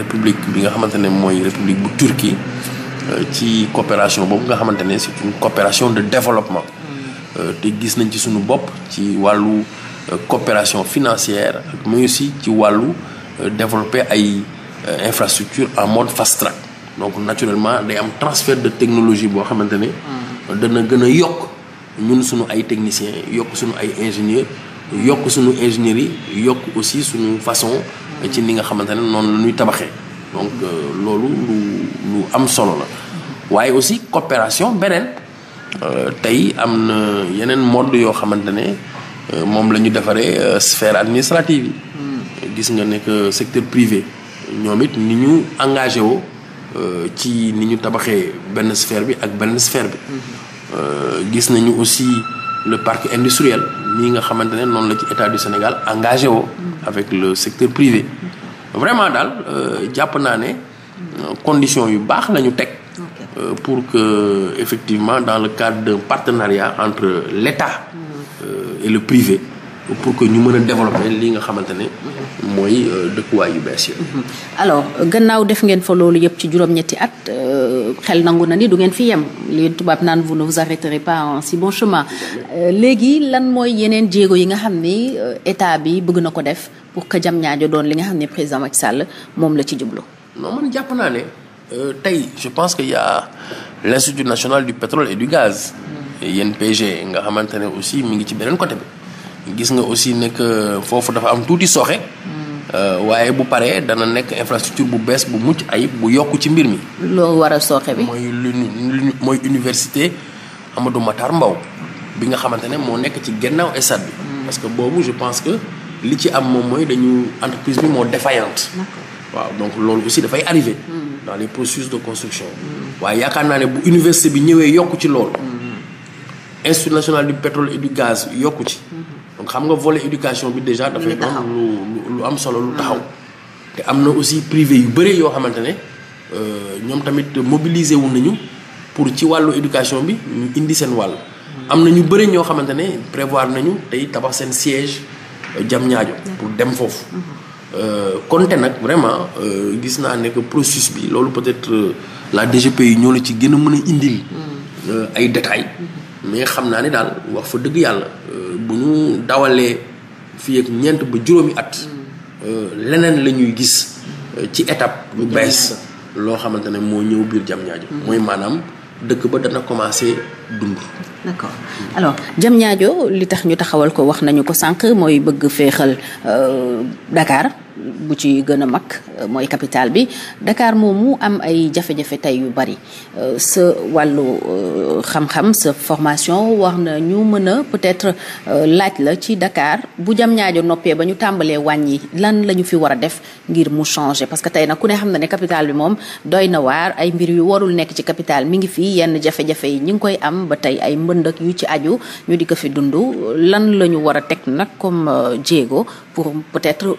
république bi nga xamante ne mooy république bu Turquie ci coopération boobu nga xamante ne c'est une coopération de développement. Mm. te gis nañ ci suñu bopp ci wàllu. Euh, coopération financière mais aussi ci wàllu euh, développer ay euh, infrastructure en mode fast track donc naturellement day am transfert de technologie boo xamante ne
mm.
dana gën a yokk ñun suñu ay techniciens yokk suñu ay ingénieurs yokk suñu ingénierie yi yokk aussi suñu façon ci ni nga xamante ne noonu la ñuy tabaxee donc loolu lu am solo la waaye aussi coopération beneen tey am na yeneen mode yoo xamante ne Euh, moom la ñu defaree euh, sphère administrative yi. Hmm. gis nga nekk secteur privé ñoom it ni ñu engagé woo euh, ci ni ñu tabaxee benn sphère bi ak benn sphère bi. Hmm. gis nañu aussi le parc industriel nii nga xamante ne noonu la ci état du Sénégal engagé woo. Hmm. avec le secteur privé. vraiment daal jàpp naa ne conditions yu baax lañu teg. pour que effectivement dans le cadre d'un partenariat entre l'État et le privé pour que ñu mën a développer li nga xamante ne mooy euh, dëkkuwaay yu bees yi.
Mhm. alors gannaaw def ngeen fa loolu yëpp ci juróom-ñetti at euh, xel nangu na ni du ngeen fi yem li tubaab naan ne vous arrêterez pas en si bon chemin euh, léegi lan mooy yeneen jéego yi nga xam ni état bi bëgg na ko def pour que Diamniadio doon li nga xam ne président Macky sàll moom la ci jublu.
non man jàpp naa ne tey je pense que y a national du pétrole et du gaz. INPG nga xamante ne aussi mu ngi ci beneen côté bi gis nga aussi nekk foofu dafa am tuuti sooxe euh, waaye bu paree dana nekk infrastructure bu bees bu mucc ayib bu yokk ci mbir mi.
loo war a sooxe bi. mooy lu mooy université
Amadou mbaw Mbow bi nga xamante ne moo nekk ci gannaaw stade bi. Mm. parce que boobu je pense que li ci am moom mooy dañu entreprise bi moo défaillante. waaw donc loolu aussi dafay arrivé. Mm. dans les processus de construction. Mm. waaye yaakaar naa ne bu université bi ñëwee yokk ci loolu. institut national du pétrole et du gaz ci. Mhm. donc xam nga volet éducation bi déjà. dafay doon lu lu am solo lu mhm. taxaw. te am na aussi privé yu bëri yoo xamante ne euh, ñoom tamit mobiliser wu nañu pour ci wàllu éducation bi ñu indi seen wàll. Mhm. am na ñu bëri ñoo xamante ne prévoir nañu tey tabax seen siège euh, jam ñaajo pour dem foofu. Euh, konte nag vraiment gis naa ne que processus bi loolu peut-être la DGP yi ñoo la ci gën a mën a indil. ay détails. mais xam naa ni daal wax fa dëgg yàlla euh, bu ñu dawalee fii ak ñeent ba juróomi at mm. euh, leneen la ñuy gis euh, ci étape bu bees loo xamante ne moo ñëw biir Diamniadio mm. mooy maanaam dëkk ba dana commencé dund
d'accord alors Diamniadio li tax ñu taxawal ko wax nañu ko sànq mooy bëgg féexal Dakar bu ci gën a mag euh, mooy capital bi dakaar Dakar mu am ay jafe-jafe tey yu bari euh, sa wàllu euh, xam-xam sa formation war na ñu mën a peut-être laaj la ci dakaar bu jam ñaajo noppee ba ñu tàmbalee wàññi lan la ñu fi war a def ngir mu changé parce que tey nag ku ne xam na ne capital bi moom doy na waar ay mbir yu warul nekk ci capital mi ngi fi yenn jafe-jafe yi ñu ngi koy am ba tey ay mbënd yu ci aju ñu di ko fi dund lan la ñu war a teg nag comme jéego pour peut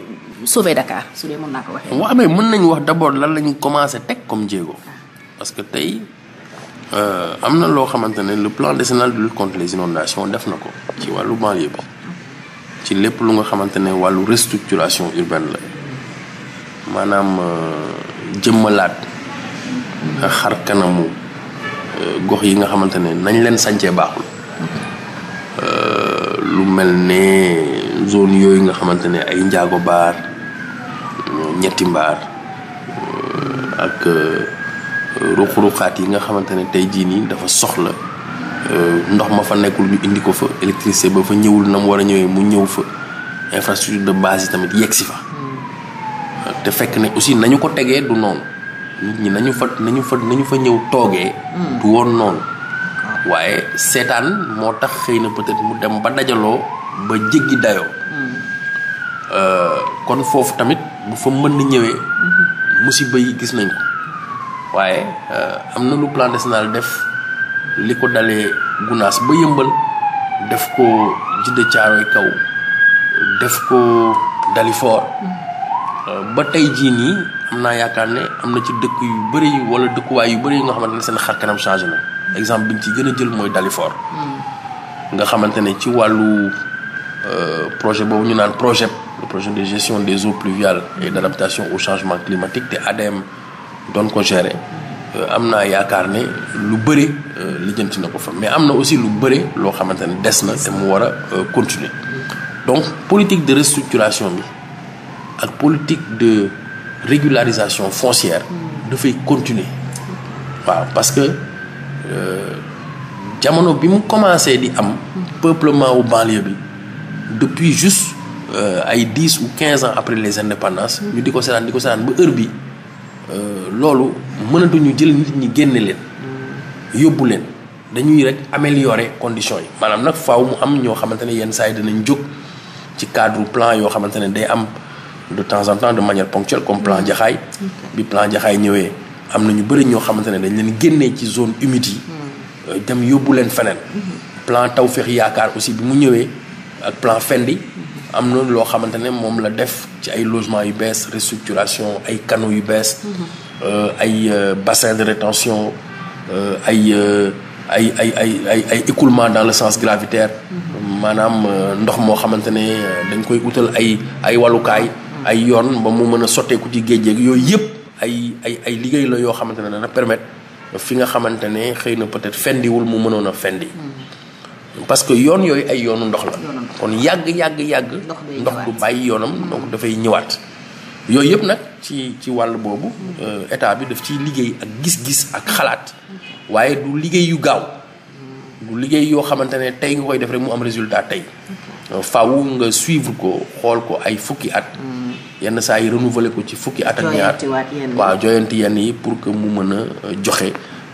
sauver Dakar su dee mën naa mu amee mën nañu wax d' abord
lan la commencé teg comme jéego parce que tey euh, am na loo xamante ne le plan décennal de lutte contre les inondations def na ko ci wàllu banlieue bi ci lépp lu nga xamante ne wàllu restructuration urbaine la maanaam euh, jëmmalaat euh, xar kanamu gox yi nga xamante ne nañ leen sancee baaxul lu mel ne zone yooyu nga xamante ne ay njaago baar ñetti mbaar euh, ak euh, ruq-ruqaat yi nga xamante ne tey jii nii dafa soxla euh, ndox ma fa nekkul ñu indi ko fa électricité ba fa ñëwul na mu war a ñëwee mu ñëw fa infrastructure de base tamit yegg si fa. Hmm. te fekk ne aussi nañu ko tegee du noonu nit ñi nañu fa nañu fa nañu fa ñëw toogee. Hmm. du woon noonu. waaye seetaan moo tax xëy na peut-être mu dem ba dajaloo ba jéggi dayoo. Hmm. kon foofu tamit. bu fa mën na ñëwee musiba yi gis nañ waaye euh, am na lu plan naal def li ko dalee gunaas ba yëmbal def ko jidda caaroy kaw def ko dalifoor euh, ba tey jii nii am naa yaakaar ne am na ci dëkk yu bëri wala dëkkuwaay yu bëri yi nga xamante ne seen xar kanam changé na exemple bi ñu ci gën a jël mooy dalifoor hmm. nga xamante ne ci wàllu euh, projet boobu ñu naan projet le projet de gestion des eaux pluviales et d'adaptation au changement climatique te ADM doon ko gérer euh, am naa yaakaar ne lu bëri euh, lijjanti na ko fa mais am na aussi lu bëri loo xamante ne des na te mu war a euh, continuer donc politique de restructuration bi ak politique de régularisation foncière dafay continuer waaw parce que jamono bi mu commencé di am peuplement bi depuis juste Euh, ay dix ou quinze ans après les indépendances ñu di ko seetaan ko seetaan ba heure bi euh, loolu mënatuñu jël nit ñi génne leen yóbbu leen dañuy rek améliorer conditions yi maanaam nag faaw mu am ñoo xamante ne yenn saa yi dinañ jóg ci cadre plan yoo xamante ne day am de temps en temps de manière ponctuelle comme plan jaxaay bi plan jaxaay ñëwee am na ñu bëri ñoo xamante ne dañ leen génnee ci zone humide yi hmm. euh, dem yóbbu leen feneen hmm. plan taw feex yaakaar aussi bi mu ñëwee ak plan fendi am na loo xamante ne moom la def ci ay logement yu bees restructuration ay canaux yu bees euh, ay euh, bassin de rétention euh, ay ay ay ay ay ay écoulement dans le sens gravitaire maanaam ndox moo xamante ne dañ koy utal ay ay walukaay ay yoon ba mu mën a sotteeku ci géej géej yooyu yëpp ay ay ay liggéey la yoo xamante ne dana permettre fi nga xamante ne xëy na peut-être fendiwul mu mënoon fendi parce que yoon yooyu ay yoonu ndox la. kon yàgg yàgg yàgg. ndox du bàyyi yoonam donc dafay ñëwaat. yooyu yëpp nag ci ci wàll boobu. Euh, état bi def ci liggéey ak gis-gis ak xalaat. waaye du liggéey yu gaaw. du liggéey yoo xamante ne tey nga koy def rek mu am résultat tey. Euh, faaw nga suivre ko xool ko ay fukki at. Mm. yenn saa yi renouveler ko ci fukki at ak ñaar waaw joyanti yenn yi pour que mu mën a euh, joxe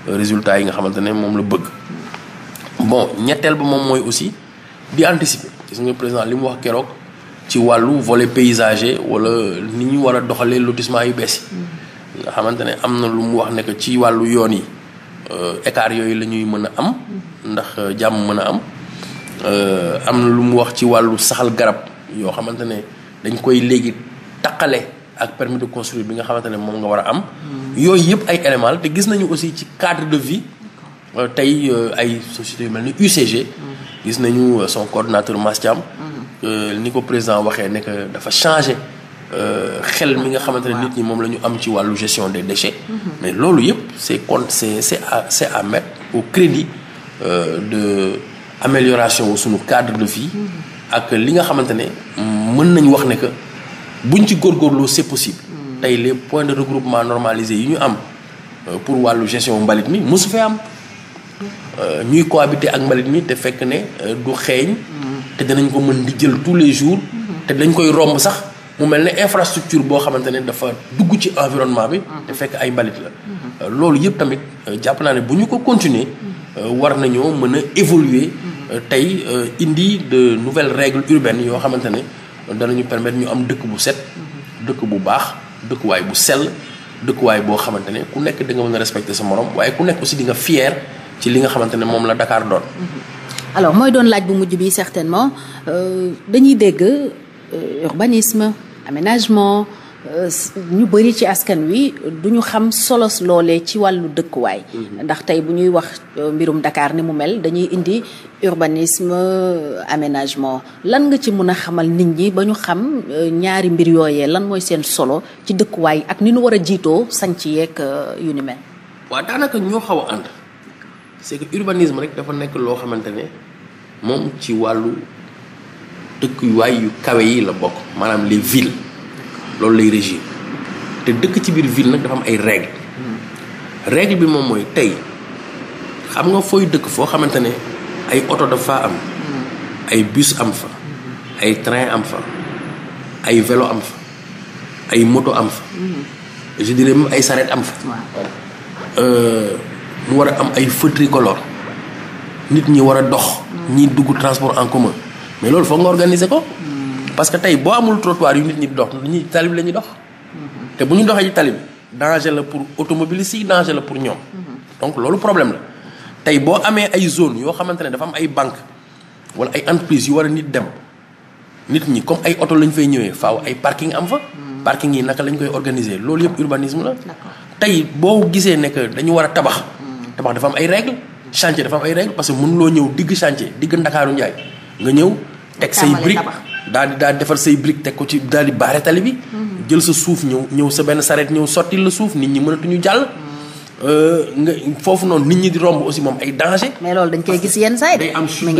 résultat yi nga xamante ne moom la bëgg. bon ñetteel ba moom mooy aussi di anticiper gis nga président li mu wax keroog ci wàllu volet paysager wala ni ñu war a doxalee lotissement yu bees yi mm-hmm. nga xamante ne am na lu mu wax ne que ci wàllu yoon yi euh, écart yooyu la ñuy mën a am mm-hmm. ndax euh, jàmm mën a am euh, am na lu mu wax ci wàllu saxal garab yoo xamante ne dañ koy léegi taqale ak permis de construire bi nga xamante ne moom nga war a am mm-hmm. yooyu yëpp ay éléments te gis nañu aussi ci cadre de vie Euh, tey euh, ay sociétés yu mel ni UCG. gis nañu euh, son coordonnateur Mass Thiam. Mm-hmm. ni ko président waxee ne que dafa changé xel mi nga xamante ne nit ñi moom la ñu am ci wàllu gestion des déchets. Mm-hmm. mais loolu yëpp c' est compte c' est c' est à c' au crédit de amélioration suñu cadre de vie.
Mm-hmm.
ak li nga xamante ne mën nañu wax ne que buñ ci góor góorlu est possible. tey les points de regroupement normalisés yi ñu am pour wàllu gestion mbalit mi mosu fee am. Euh, ñuy cohabiter ak mbalit mi te fekk ne euh, du xeeñ te danañ ko mën di jël tous les jours te dañ koy romb sax mu mel ne infrastructure boo xamante ne dafa dugg ci environnement bi te fekk ay mbalit la euh, loolu yëpp tamit jàpp naa ne bu ñu ko continuer war nañoo mën a évoluer tey indi de nouvelle règles urbaines yoo xamante ne danañu permettre ñu am dëkk bu set dëkk bu baax dëkkuwaay bu sell dëkkuwaay boo xamante ne ku nekk da nga mën a respecter sa morom waaye ku nekk aussi di nga fier ci li nga xamante ne moom la dakaar doon. Mhm.
alors mooy doon laaj bu mujj bi certainement euh, dañuy dégg euh, urbanisme aménagement euh, ñu bëri ci askan wi du ñu xam solos loolee ci wàllu dëkkuwaay. Mhm. ndax tey bu ñuy wax mbirum Dakar ni mu mel dañuy indi urbanisme aménagement lan nga ci mun a xamal nit ñi ba ñu xam ñaari mbir yooyee lan mooy seen solo ci dëkkuwaay ak ni ñu war a jiitoo ci yeeg yu ni mel.
waaw daanaka ñoo xaw ànd. c'est que urbanisme rek dafa nekk loo xamante ne moom ci wàllu dëkkuwaay yu kawe yi la bokk maanaam les villes loolu lay régir te dëkk ci biir ville nag dafa am ay règles règle bi moom mooy tey xam nga fooy dëkk foo xamante ne ay oto dafa am ay bus am fa ay train am fa ay vélo am fa ay moto am fa
mm-hmm.
je dirais même ay saret am fa euh, ñu war a am ay feux tricolores nit ñi war a dox. ñi dugg transport en commun mais loolu foog nga organiser ko. parce que tey boo amul trottoir yu nit ñi dox ñi tali talib la ñuy dox. te bu ñu doxee ci tali bi la pour automobiliste yi danger la pour ñoom. donc loolu problème la tey boo amee ay zone yoo xamante ne dafa am ay banque wala ay entreprise yu war a nit dem nit ñi comme ay oto lañu fay ñëwee faaw ay parking am fa. parking yi naka lañ koy organiser loolu yëpp urbanisme la. tey boo gisee ne dañu war a tabax. tabax dafa am ay règle chantier dafa am ay règle parce que mun loo ñëw digg chantier digg ndakaaru njaay nga ñëw teg say brique daal di daal defar say brique teg ko ci daal di baare tali bi mhm. jël sa suuf ñëw ñëw sa benn sareet ñëw sotti la suuf nit ñi mënatuñu jàll euh, nga foofu noonu nit ñi di romb aussi moom ay danger. mais loolu dañ koy gis yenn saa yi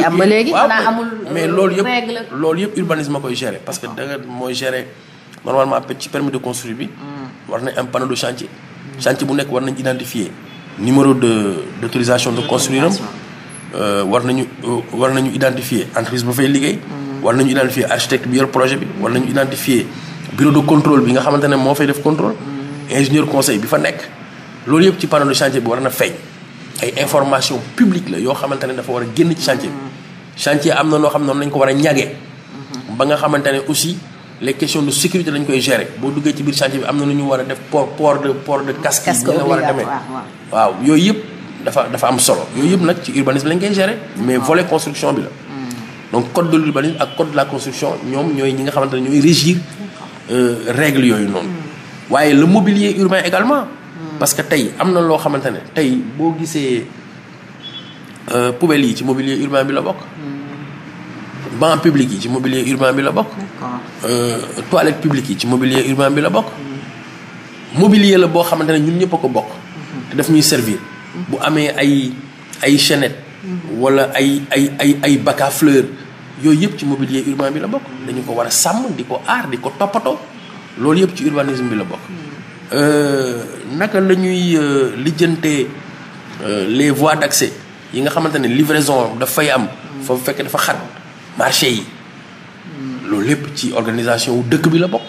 am ba léegi xanaa mais loolu yëpp loolu yëpp urbanisme a koy gérer parce que danga mooy gérer normalement ci permis de construire bi mm. war nañ am panneau de chantier chantier bu nekk war nañ identifier numéro de d' de construire am euh, war nañu euh, war na ñu identifier entreprise ba fay liggéey mhm. war nañu identifier architecte bi yor projet bi war nañu identifier bureau de contrôle bi nga xamante ne moo fay def contrôle mhm. ingénieur conseil bi fa nekk loolu yëpp ci panneau de chantier bi war na feeñ ay information publique la yoo xamante ne dafa war a génn ci chantier bi mhm. chantier am na noo xam noonu lañ ko war a ñagee ba nga xamante ne aussi les questions de sécurité lañ koy gérer boo duggee ci biir chantier bi am na lu ñu war a def port port de port de casque yi la war a demee waaw yooyu yëpp dafa dafa am solo yooyu yëpp nag ci urbanisme lañ koy gérer mais volet construction bi la hmm. donc code de l'urbanisme ak code de la construction ñoom ñooy ñi nga xamante ne ñooy régir euh, règles yooyu noonu hmm. waaye le mobilier urbain également hmm. parce que tey am na loo xamante ne tey boo gisee euh, poubelles yi ci mobilier urbain bi la bokk banc public yi ci mobilier urbain bi la bokk Euh, toilette publique yi ci mobilier urbain bi la bokk. mobilier la boo xamante ne ñun ñëpp a ko bokk. te daf ñuy servir. bu amee ay ay chaînette. wala ay ay ay ay bac fleurs yooyu yëpp ci mobilier urbain bi la bokk. dañu ko war a sàmm di ko aar di ko toppatoo loolu yëpp ci urbanisme bi la bokk. Euh, naka la ñuy euh, lijjantee les voies d'accès yi nga xamante ne livraison dafay am. foofu fekkee dafa xat marché yi. loolu lépp ci organisation wu dëkk bi la bokk.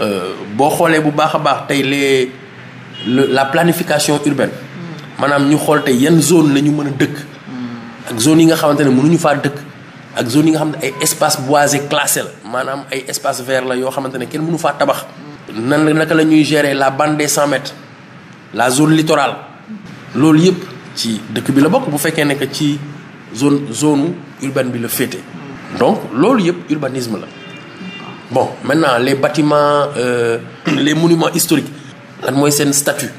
Euh, boo xoolee bu baax a baax tey le la planification urbaine. maanaam ñu xool tey yenn zone la ñu mën a dëkk. ak zone yi nga xamante ne mënuñu faa dëkk. ak yi nga xam ne ay espace boisé classé la maanaam ay espace vert la yoo xamante ne kenn mënu faa tabax. nan naka la ñuy gérer la bande des cent mètres la zone littorale loolu yëpp ci dëkk bi la bokk bu fekkee ne ci zone zone urbaine bi la féete. donc loolu yëpp urbanisme la bon maintenant les bâtiments euh, les monuments historiques lan mooy seen statut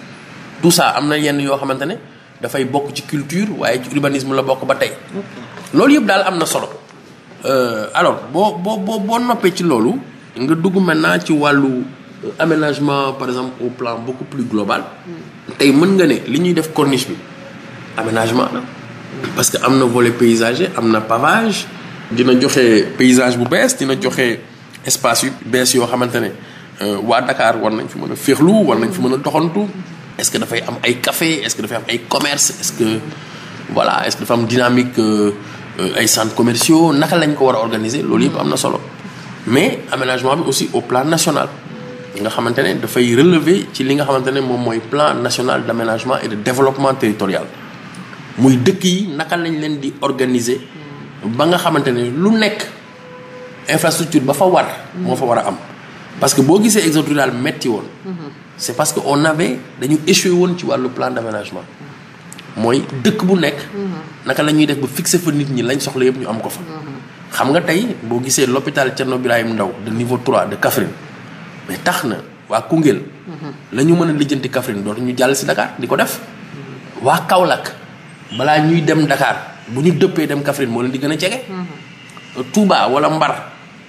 tout am na yenn yoo xamante ne dafay bokk ci culture waaye ci urbanisme la bokk ba tey loolu yëpp daal am na solo euh, alors boo boo boo boo noppee ci loolu nga dugg naa ci wàllu euh, aménagement par exemple au plan beaucoup plus global mm. tey mën nga ne li ñuy def corniche bi aménagement la mm. parce que am na vole paysager am na pavage dina joxe paysage bu bees dina joxe espace yu bees yoo xamante ne euh, waa Dakar war nañ fi mën a féexlu war nañ fi mën a doxantu est-ce que dafay am ay café est-ce que dafay am ay commerce est-ce que voilà est-ce que dafa am dynamique euh, ay centres commerciaux naka ko war a organiser loolu yëpp am na solo mais aménagement bi aussi au plan national nga xamante ne dafay relever ci li nga xamante ne moom mooy plan national d'aménagement et de développement territorial muy dëkk yi naka lañ leen di organiser. ba nga xamante ne lu nekk infrastructure ba fa war. moo fa war a am parce que boo gisee exode rural metti woon. c' est que on avait dañu échoué woon ci wàllu plan d' mooy dëkk bu nekk. naka la ñuy def ba fixer fa nit ñi lañ soxla yëpp ñu am ko fa. xam nga tey boo gisee l'hôpital Thierno Birahim Ndaw de niveau 3 de Kaffrine mais tax na waa Koungheul. lañu ñu mën a lijjanti Kaffrine dootu ñu jàll si Dakar di ko def. waa Kaolack balaa ñuy dem Dakar. bu ñu dëppee dem Kaffrine moo leen di gën a jege. Touba wala Mbar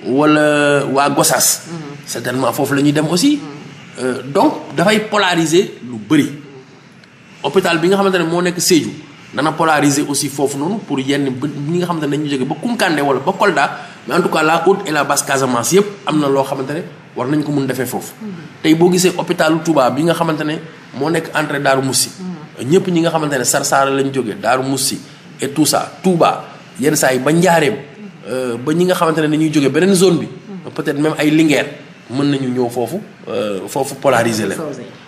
wala waa Gossas. certainement foofu la ñuy dem aussi. Euh, donc dafay polariser lu bëri. hôpital bi nga xamante ne moo nekk Sédhiou dana polariser aussi foofu noonu pour yenn ba ñi nga xamante ne dañuy jóge ba Koukandé wala ba Kolda mais en tout cas la haute et la basse Casamance yëpp am na loo xamante ne war nañ ko mun defee foofu. tey boo gisee hôpitalu Touba bi nga xamante ne moo nekk entrée Darou Moussi. Mm-hmm. ñëpp ñi nga xamante ne Sarsara lañ jógee Darou Moussi. et tout ça Touba yenn saa yi ba Njaareem euh, ba ñi nga xamante ne dañuy jóge beneen zone bi. peut-être même ay Linguère mën nañu ñëw foofu euh, foofu polariser leen.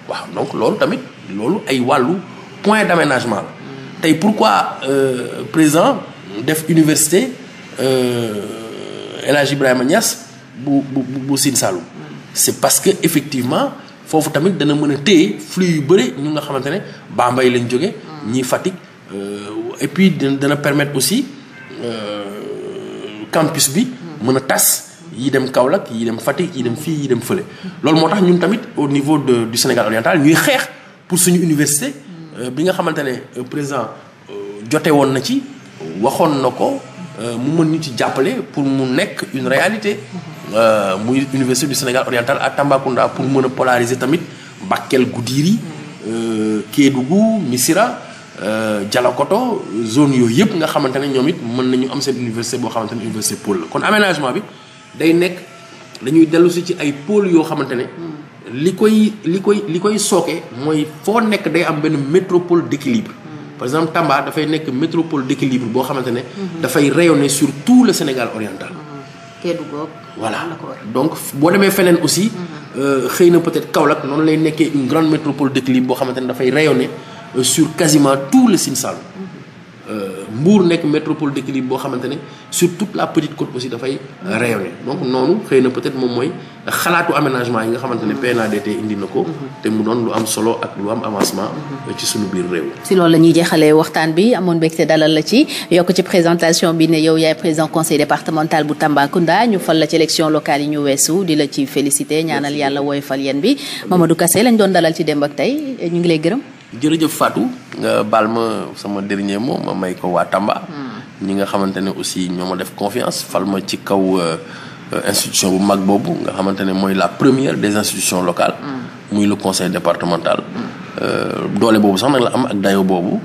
waaw donc loolu tamit loolu ay wàllu point d'aménagement la. tey pourquoi euh, président def université El Hadj Ibrahima Niass bu bu bu Sine Saloum. c'est parce que effectivement foofu tamit dana mën a téye flux yu bëri ñu nga xamante ne Bambey lañ jóge ñii Fatick. et puis dana permettre aussi euh, campus bi. mën a tas yi dem Kaolack yi dem Fatick yi dem fii yi dem fële. loolu moo tax ñun tamit au niveau de du Sénégal oriental ñuy xeex pour suñu université. Euh, bi nga xamante ne euh, président jote woon na ci waxoon na ko mu mën ñu ci jàppale pour mu nekk une réalité. muy université du Sénégal oriental à Tambacounda pour mën a polariser tamit Bakel Goudiri. Kédougou Missirah. Euh, Dialokoto zone yooyu yëpp nga xamante ne ñoom it mën nañu am seen université boo xamante ne université pôle la kon aménagement bi day nekk dañuy dellu si ci ay pôle yoo xamante ne hmm. li koy li koy li koy sooke mooy foo nekk day am benn métropole d'équilibre hmm. par exemple Tamba dafay nekk métropole d'équilibre boo xamante ne hmm. dafay rayonner sur tout le Sénégal oriental Kédougou voilà donc boo demee feneen aussi euh, xëy na peut-être Kaolack noonu lay nekkee une grande métropole d'équilibre boo xamante ne dafay rayonner Euh, sur quasiment tout le Sine Saloum. Euh, Mbour nekk métropole d'équilibre boo xamante ne sur toute la petite côte aussi dafay rayonner donc noonu xëy na peut-être moom mooy xalaatu aménagement yi nga xamante ne PNADT indi na ko. te mu doon lu am solo ak lu am avancement. ci suñu biir réew.
si loolu la ñuy jeexalee waxtaan bi amoon mbégte dalal la ci yokk ci présentation bi ne yow yaay président conseil départemental bu Tambacounda ñu fal la ci élection locale yi ñu weesu di la ci félicité ñaanal yàlla woyofal yéen bi Mamadou Kassé lañ doon dalal ci démb ak tey ñu ngi lay gërëm.
jërëjëf Fatou nga baal ma sama dernier moom ma may ko waa Tamba. Hmm. ñi nga xamante ne aussi ñoo ma def confiance falma ci kaw euh, euh, institution bu mag boobu nga xamante ne mooy la première des institutions locales. Hmm. muy le conseil départemental. Hmm. Euh, doole boobu sax nag la am ak dayo boobu.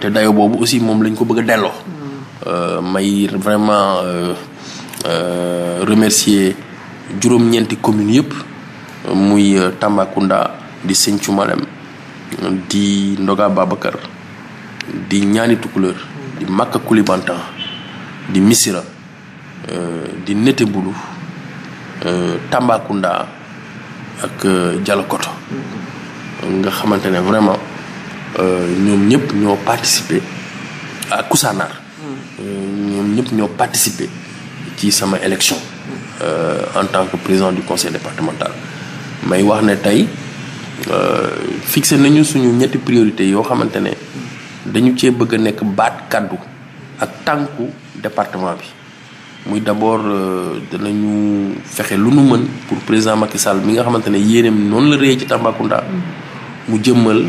te dayo boobu aussi moom lañ ko bëgg a delloo. may vraiment remercier juróom-ñeenti communes yëpp muy Tambacounda di Sinthiou Malem di Ndoga Babacar di ñaani tukulër di makk Kulibantang di Missira euh, di Netebulu euh, Tambacounda ak euh, Dialokoto nga xamante ne vraiment ñoom ñëpp ñoo participer à Koussanar ñoom ñëpp ñoo participer ci sama élection en tant que président du conseil départemental may wax ne tey fixé nañu suñu ñetti priorité yoo xamante ne dañu cee bëgg a nekk baat kàddu ak tànku département bi muy d'abord euh, danañu fexe lu nu mën pour président Macky Sall bi nga xamante ne yéeneem noonu la rëy ci Tambacounda mu jëmmal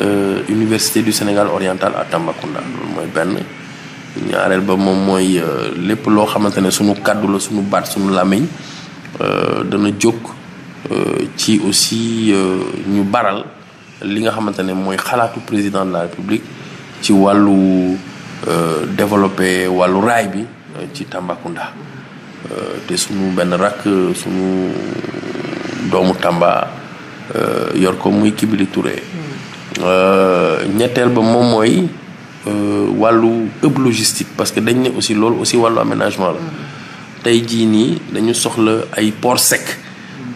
euh, Université du Sénégal oriental ak Tambacounda loolu mooy benn ñaareel ba moom mooy euh, lépp loo xamante ne suñu kàddu la suñu baat suñu làmmiñ dana jóg Euh, ci aussi euh, ñu baral li nga xamante ne mooy xalaatu président de la république ci wàllu euh, développer wàllu raay bi ci Tambacounda te suñu benn rakk suñu doomu Tamba yor ko muy Kibili Touré hmm. ñetteel ba moom mooy wàllu ëpp logistique parce que dañ ne aussi loolu aussi wàllu aménagement la hmm. tey jii nii dañu soxla ay port sec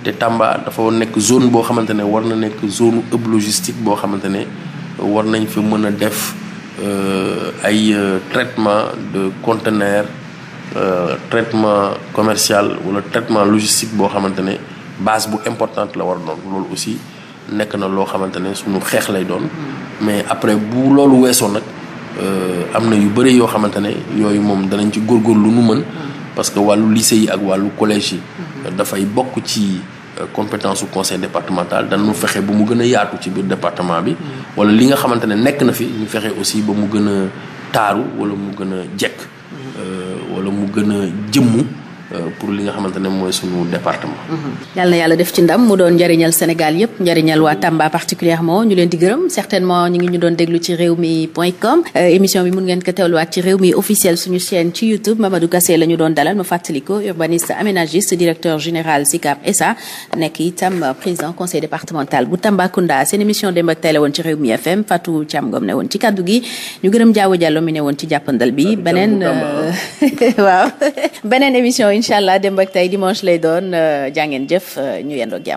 te Tamba dafa nekk zone boo xamante ne war na nekk zone hub logistique boo xamante ne war nañ fi mën a def euh, ay euh, traitement de conteneur euh, traitement commercial wala traitement logistique boo xamante ne base bu importante la war doon loolu aussi nekk na loo xamante ne suñu xeex lay doon mais après bu loolu weesoo nag am na yu bëri yoo xamante ne yooyu moom danañ ci góor góor lu nu mën parce que wàllu lycée yi ak wàllu collège yi. dafay bokk ci euh, compétence su conseil départemental danañu fexe ba mu gën a yaatu ci biir département bi. wala li nga xamante ne nekk na fi ñu fexe aussi ba mu gën a taaru wala mu gën a jekk. Euh, wala mu gën a jëmmu. Euh, pour li nga xamante ne mooy suñu département.
yal na yàlla def ci ndam mu doon njëriñal Sénégal yëpp njëriñal waa Tamba particulièrement ñu leen di gërëm certainement ñu ngi ñu doon déglu ci réew mi point com euh, émission bi mun ngeen ko teewluwaat ci réew mi officiel suñu chaîne ci YouTube Mamadou Kassé la doon dalal ma fàttali urbaniste aménagiste directeur général SICAP SA nekk itam président conseil départemental bu Tambacounda seen émission démb ak tey la woon ci réew mi FM Fatou ñu gërëm Jaawo Jàllo mi ne woon ci jàppandal bi beneen euh, waaw beneen incha allah démb ak tay dimanche lay doon jaa ngeen jëf ñu yendoog jàmm